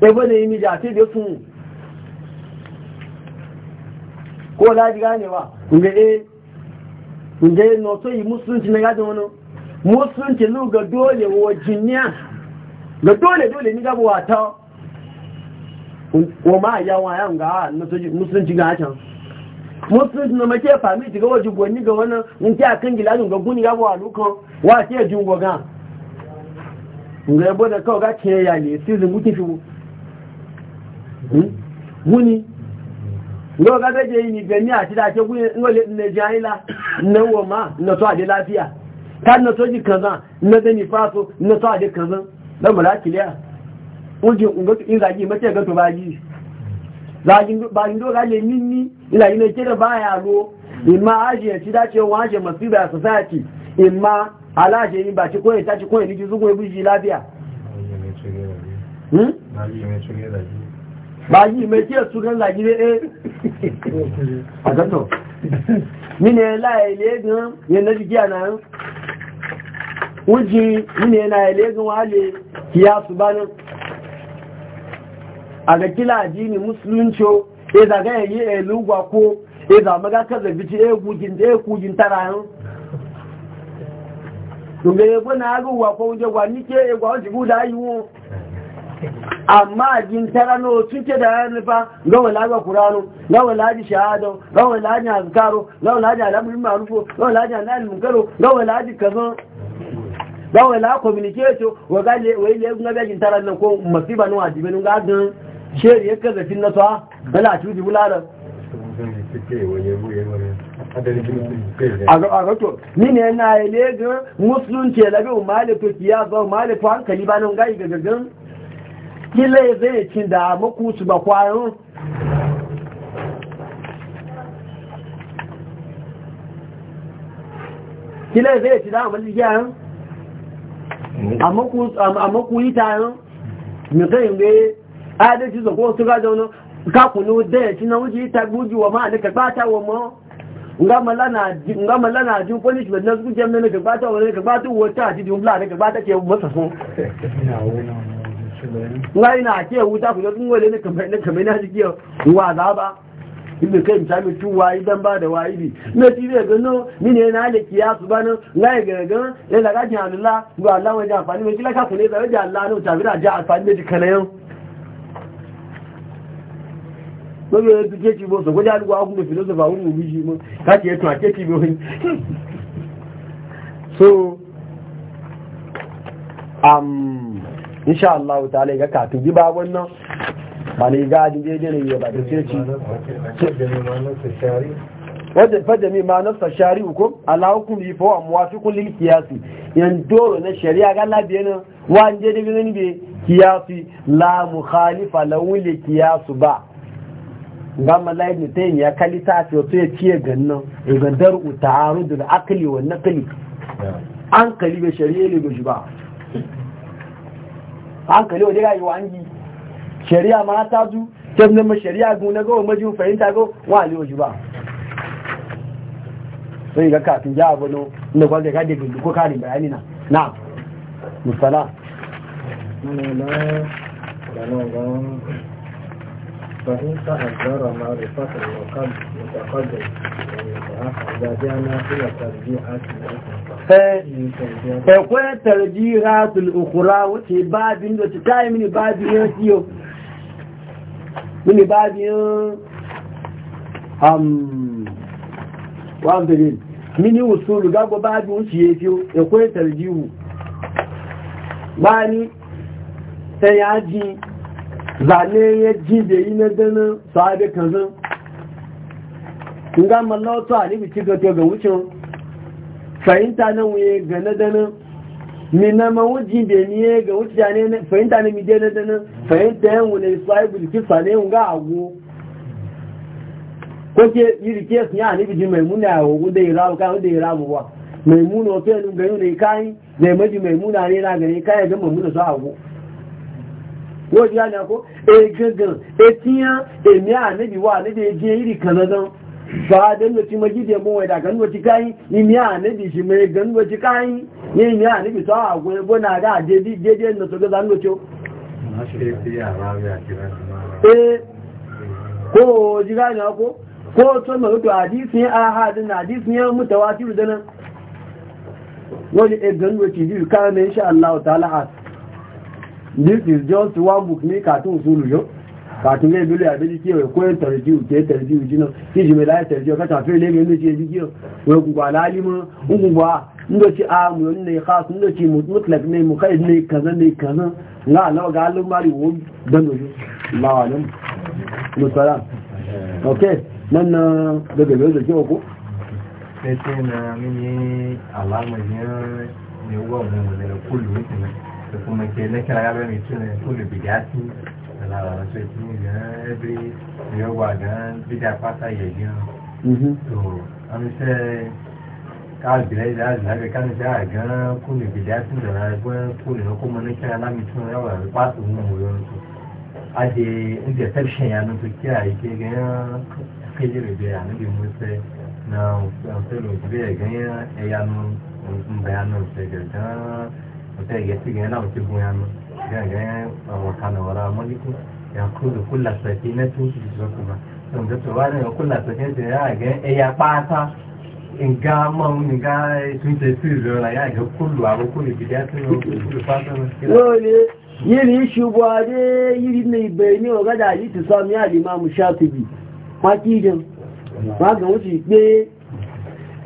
ebe ne yi mija sai da sun ko laji ganewa ga eh ga eh no so yi musulunci na gajin wani musulunci lu ga dole wa jiniya ga dole dole ni gaba wata wa ma ya wa yan ga musulunci ga can musulunci na make fami ti ga waje gwani ga wani in ta kan gilajin ga guni gaba wa lukan wa ke jungo ga ga yabo da kawai ga ke ya ne sizin mutu fi hmm? guni lọ́wọ́ gágẹ́ jẹ́ ìnìgbẹ̀ ní àti dáṣẹ́ pé nẹ́jẹ́ àìlá náwọ̀ máa nọ́tọ́ àdé láfíà ká nọ́tọ́ jì kànzán nọ́tẹ́ ní fásó nọ́tọ́ àdé kànzán lọ́mọ̀lá kìlẹ̀ oúnjẹ ìrìnàjì mẹ́tẹ̀ gẹ́tọ̀ bá yìí bàjìndóra lè ní ní ìlàjì bá yà ìmá dáṣẹ́ wọn ti rẹ̀ <laughs> àtọ́tọ̀ nínú ẹ̀lá ẹ̀lẹ́ gan yẹn lọ́jú kí na ń jí nínú ẹ̀lá ẹ̀lẹ́ gan wà lè kí ṣùgbá àjí musulunci ìzàgá ẹ̀yẹ ẹ̀lú gwakó ìzàmọ́gá kẹsẹ̀ fi ti ẹkù tara fún fún wà ní kí ẹgbà wọn amma jin tarano suke da ya nufa ga wala ga kurano ga wala ji shahado ga wala ji azkaro ga wala ji alamun marufo ga wala ji anayin munkaro ga wala ji kazo ga wala communicator wa ga le wai le ga jin tarano ko masiba no ajibe no ga gan sheri yake da tin na to bala tuji bulala a rato ni ne na ile ga musulunci da ga umar da turkiya ba umar da hankali ba nan ga gaggan kila zai ci da muku su ba kwayon kila zai ci da amalin a maku yi mutum ne adalci zako su gaja wani kakunu da ya ci na wuce ta guji wa ma'ani ka bata wa ma nga malana jin punishment na suke jami'ai ka bata wa ne ka bata wata a cikin bla da ka bata ke masa sun <laughs> ngai na ke wuta ku jin wale ne kamar ne kamar na wa za ba inda kai ta mi tu ba da wai bi ti da gano ni ne na le kiya su ga ga da gajin Allah ga Allah wa ja me kila ka kule da ja Allah no ta bi da ja fani ne kana yau lórí ẹni tó jẹ́ ti bọ́ sọ̀gbọ́n jáde wá ọkùnrin fìlọ́sọ̀fà so um, insha Allah ta'ala ga katu tubi ba wannan ba ne ga ajin daidai ne ba da sai ci wajen fajar mai nafsa shari hukum ala hukum yi fa muwafiqun lil kiyasi yan doro na shari'a ga labiye nan wani an je gani be kiyasi la khalifa lahu li kiyasu ba ga malai ne tayin ya kalita ce wato ya ciye gannan ga daru da akali wa nakali. an kalibe shari'a ne ba hankali wajen rayuwa an yi shari'a ma ta zu ta zama shari'a guna ga wani majin fahimta ga wani waje ba sai ga kafin ja abu no inda kwanza ga daga duk karin bayani na na musala akwai tarjiratul ukura wace babin da ci kayi mini babin ya siyo mini babin am wamdirin mini usulu gagwa babin wuce ya fiyo akwai tarjihu bani ta yaji zane ya ji da yi na dana sahabe kanzan in ga mallawa to a ne bi ci gato ga wucin fahimta nan wuye ga na danin mi na mawuji bai niye ga wuce ne fahimta ne mi je na danin fahimta yan wune sai bulki sale un ga ago ko ke yiri ke sun ya ni biji maimuna ya wogu da irabu kan da wa ba maimuna o fe nun ga yune kai da maji maimuna ne na gare kai ga maimuna so ago ko ji ana ko e gangan e tiya e mi a ne bi wa ne da je yiri kanadan fadin da ci maji da mawai da ganuwa ci kayi ni miya anabi shi mai ganuwa ci kayi ni miya anabi to a goye na ga jeji jeji da su ga zanuwa ci eh ko ji gani ko ko to ma to hadisi a hadin hadisi ne mutawatir da nan wani e ganuwa ci biyu kana insha Allah ta'ala this is just one book ne katun usulu yo kàtún lé ìlú àbẹ́jì kí ẹ̀kọ́ ìtọ̀rẹ̀jì òkè ìtọ̀rẹ̀jì òjìnà tí ìjìmẹ̀ láì tẹ̀rẹ̀jì ọkàtà fẹ́ lé ìlú ti ẹ̀jì kí wọ́n gbogbo aláàlímọ́ gbogbo ndoci amu yau ne khas ndoci mutlak ne mukaid ne kaza ne kaza na alawa wo ok ko ne kuma kira ya alára ṣe fún ìyẹn ẹbí ìyẹn wà gan bídà pátá yẹ gan tó àmísẹ káàbìlẹ ìdá àgbẹ káàbìlẹ àgán kó lè bìdà sí ìdàrà ẹgbẹ kó lè kó mọ ní kí alámi tún ẹ wà wípé àti òun òun yọ nù àti ìdí ẹsẹpṣẹn yà nù tó kí àìké gan kéde rè bẹ àná bí mo sẹ na ọsẹ lò bẹ gan ẹyà nù mbẹ yà nù ọsẹ gan ọsẹ yẹ ti gan náà ọsẹ gun yà nù gaga wa kana wara maliku ya kúrò kúlà sẹ̀kí nẹ́tù ìjọkùnmá ọ̀dọ́ tó wá ní ọkúlà sẹ̀kí ṣe yá àgẹ́ ẹ̀yà pátá nga mọ́mú nga túnṣe sí ìrọ̀lá yá àgẹ́ kúlù àwọn kúlù ìbílẹ̀ tó ní kúlù pátá lọ́wọ́ yìí ṣubú adé yìí ní ibẹ̀ ní ọ̀gádà yìí ti sọ mí àlìmáàmù ṣáàtìbì wọ́n kí ìdán wọ́n gàn ó sì pé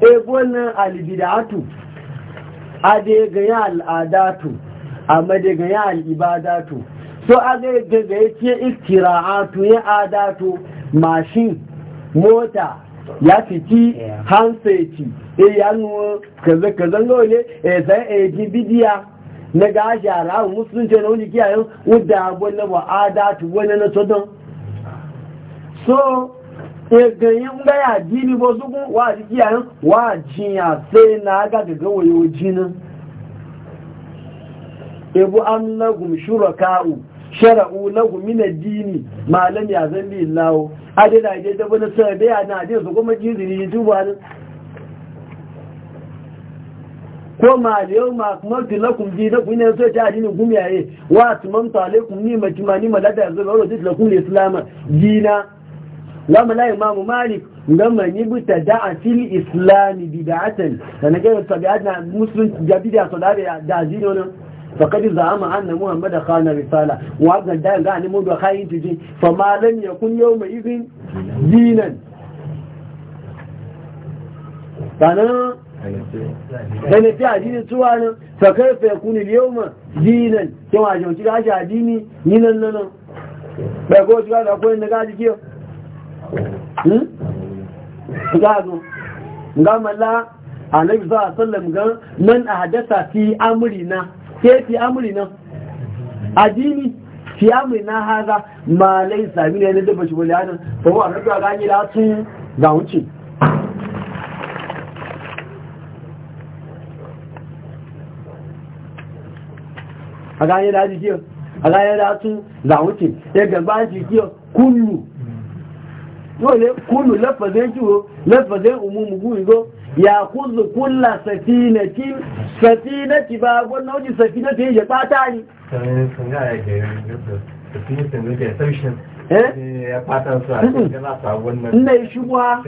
egbó náà àlìbìdà átù adé gẹ̀yà amma daga ya al'ibadatu so a zai daga ya ce istira'atu ya adatu mashin mota ya fiti hansaici ya nuwa kaza kaza ne e sai e ji bidiya na gashi a rahun musulunci na wani kiyayen wadda abuwan na wa'adatu wani na sodon so ganyen gaya jini ba su kun wa jikiyayen wa jiya sai na ga daga wayo jinin ebu an lagum shuraka'u shara'u lahum min ad-dini ma lam yazan bi Allah adada dai da wani da na dai su kuma jizini tuba ne ko ma yau ma kuma tilakum dinakum ne so ta dinin gumiyaye wa atmamtu alaikum ni matimani malada zuwa wa tilakum islam dina wa ma la imam malik gama ni buta da fil islam bid'atan sanaka tabi'atna muslim jabida sadari da wannan faƙadi zama annan muhammadu kwanar risala wa zanda ga ni mudu kayan tijin fa malam ya kun yau mai izin dinan sanan sani fi adini tuwa nan faƙar faikuni yau mai dinan kyan wa jami shiga shi adini ninan nanan faiko shiga da kuwa inda gaji kiyo gazo ga malla a nabi sallallahu alaihi ga man ahdatha fi amrina ke fi amuri nan addini fi amuri na haza ma lai sami na dafa wani hannun ba wa rabuwa ga wuce a gani da a gani da sun ga wuce ya gaba kullu dole kullu lafazin kiwo lafazin umumu guigo ya kuzu kulla safinati safinati ba gwanna wajen safinati ya bata ni Eh? Eh, hmm. na yi shubuwa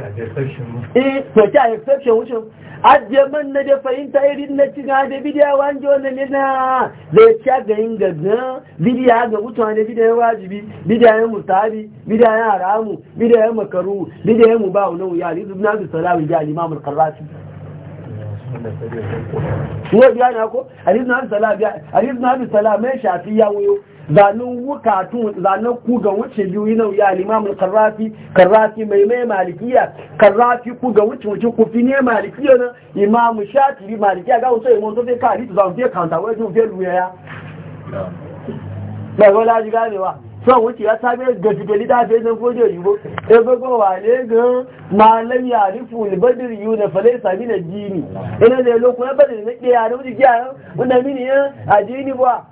eh soke a exception wucin ajiye man na da fahimta irin na cin hada bidiya wanje wanda ne na zai ci ga yin gaggan bidiya ga mutuwa da bidiya wajibi bidiya ya mutabi bidiya ya haramu bidiya ya makaru bidiya ya mubawu na wuya lizu na bi salamu ya limamul karrafi Wọ́n bí á ní akọ́, àdíjú náà bí sàlámẹ́ ṣàfihàn wọ́n zanen wukatu zanen ku ga wuce biyu yi nauyi alimamun karrafi karrafi mai mai malikiya karrafi ku ga wuce wuce ku fi ne malikiya na imamu shatiri malikiya ga wuce imon to fi ka halittu zan fi kanta wai jin fi luya ya ba gola ji ganewa son wuce ya sabe ga jidali da fi zan fojo yi bo e wa ne ga malam ya rifu libadir yu na falai sami na jini ina e ne lokuna badir na ke yaran wuce gyaran wanda mini ya a jini ba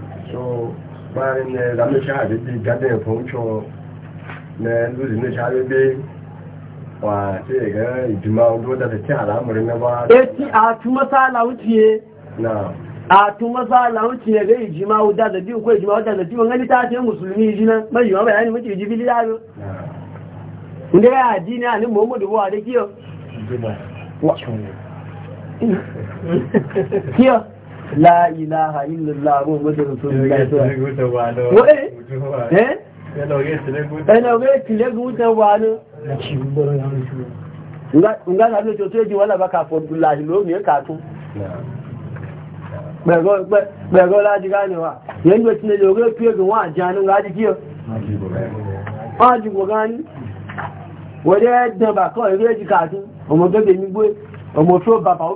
so bayan na zamisha a daidai gadon function na luzi na sharabe wa ce ga ijima wadda ta ci al'amarin na ba eti a tuma sa lauciye na a tuma sa lauciye ga ijima wadda da biyu ko ijima wadda da biyu wani ta ce musulmi jina mai yiwa bayani mace ji bili yaro inda ya haji ne a ni muhammadu buwa da kiyo kiyo la ilaha illallah muhammadur rasulullah eh ẹnà orí ìtìlẹ́gùn tẹ wà ní ǹgbàtà ló tí ó tí ó jí wọ́n lábákà fọ́dúnlá ìlú ní ẹ̀kàtún pẹ̀rọ láti rá ní wà yẹn gbé tí lè orí ìpéègùn wọ́n àjánú rájí kí ọ wọ́n jùgbò rání wọ́n dẹ́ dánbà kọ́ ìrẹ́jì kàtún ọmọ gẹ́gẹ́ nígbé ọmọ tó bàbá ó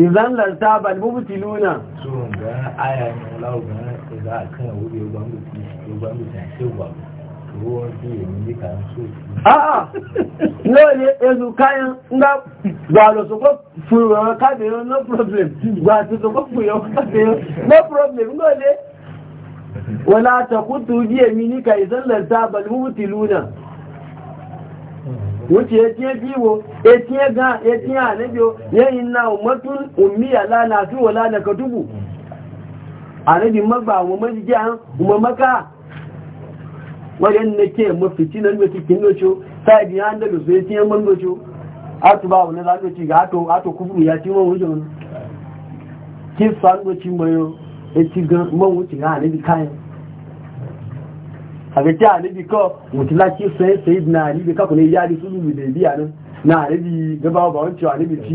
izan larta ba ni bubuti luna tsohon ga aya ne lawo ga za a kan wuri yau ba mutu a shewa ruwan biyu ne ka so a'a no ne yanzu kayan nga ba lo so ko furo ka de no problem ba ti so ko furo ka de no problem no ne wala taqutu bi yaminika izan larta ba ni bubuti luna wuce ya tiye jiwo ya tiye ga ya tiye anabiyo ya yayin na umatun umiya lana fi wala na ka dubu anabi magba wa majiji an umamaka wajen na ke mafiti na nuna cikin nocho ta yi biyan da lusu ya tiye man nocho atu ba wani za noci ga ato kufuru ya ci man wuce wani kisa noci mayo ya ci gan man wuce ga anabi kayan àgbẹ̀tí àníbì kọ́ mùtílá kí sẹ́ sẹ́ìd náà níbi kákùnlé yá ní súnmù ilẹ̀ ìbí àná náà níbi gbẹ́bà ọba ń tí tí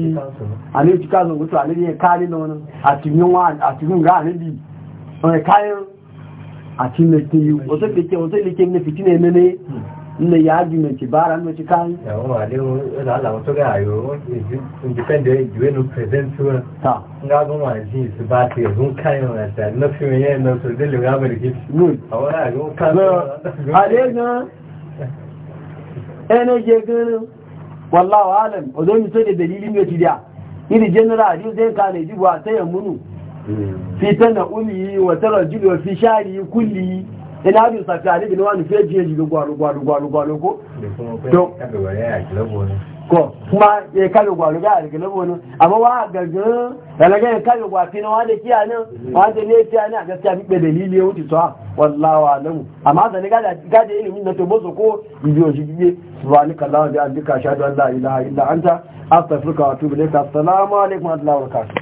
àníbi tí káàkùn òkútù àníbi ẹ̀ká nínú àti yíwá àti ilẹ̀ yà á jùmọ̀ da bára ní ọjọ́ káyí. Àwọn àléhùn láàlàwọ̀ tó gà àyò ìdíkẹ́ndẹ̀ ìjúwẹ́nu pẹ̀sẹ̀ntì wọn. Ngágún wà sí ìsìnbá ti ẹ̀gún káyọ̀ ẹ̀sẹ̀ lọ́fíwẹ̀ yẹn lọ sọ délé rámẹ̀rẹ̀kẹ́. Àwọn a káyọ̀ àléhùn ẹni jẹ gẹ́rẹ́ wàláwà alẹ́m ọdọ́yìn tó da dalilin yóò ti da ìrì general àdíò zai ka lè jíbo àtẹ́yẹ̀ múnù hmm. fi tẹ́nà ulì wàtẹ́rọ̀ jùlọ fi ṣáàrí kúlì ina abin safi a libin wani fiye jiye jiga gwaro gwaro gwaro gwaro ko to ko kuma ya kabe gwaro ga a labo ne amma wa gaga dalaga ya kabe gwafi na wanda kiya nan wanda ne kiya nan gaskiya fi dalili ya wuce to ah, wallahi alamu amma da ne gada ilimin na to bozo ko bidiyo shi biye subhanaka allahumma bi hamdika ashhadu an la ilaha illa anta astaghfiruka wa atubu ilayka assalamu alaikum wa rahmatullahi wa barakatuh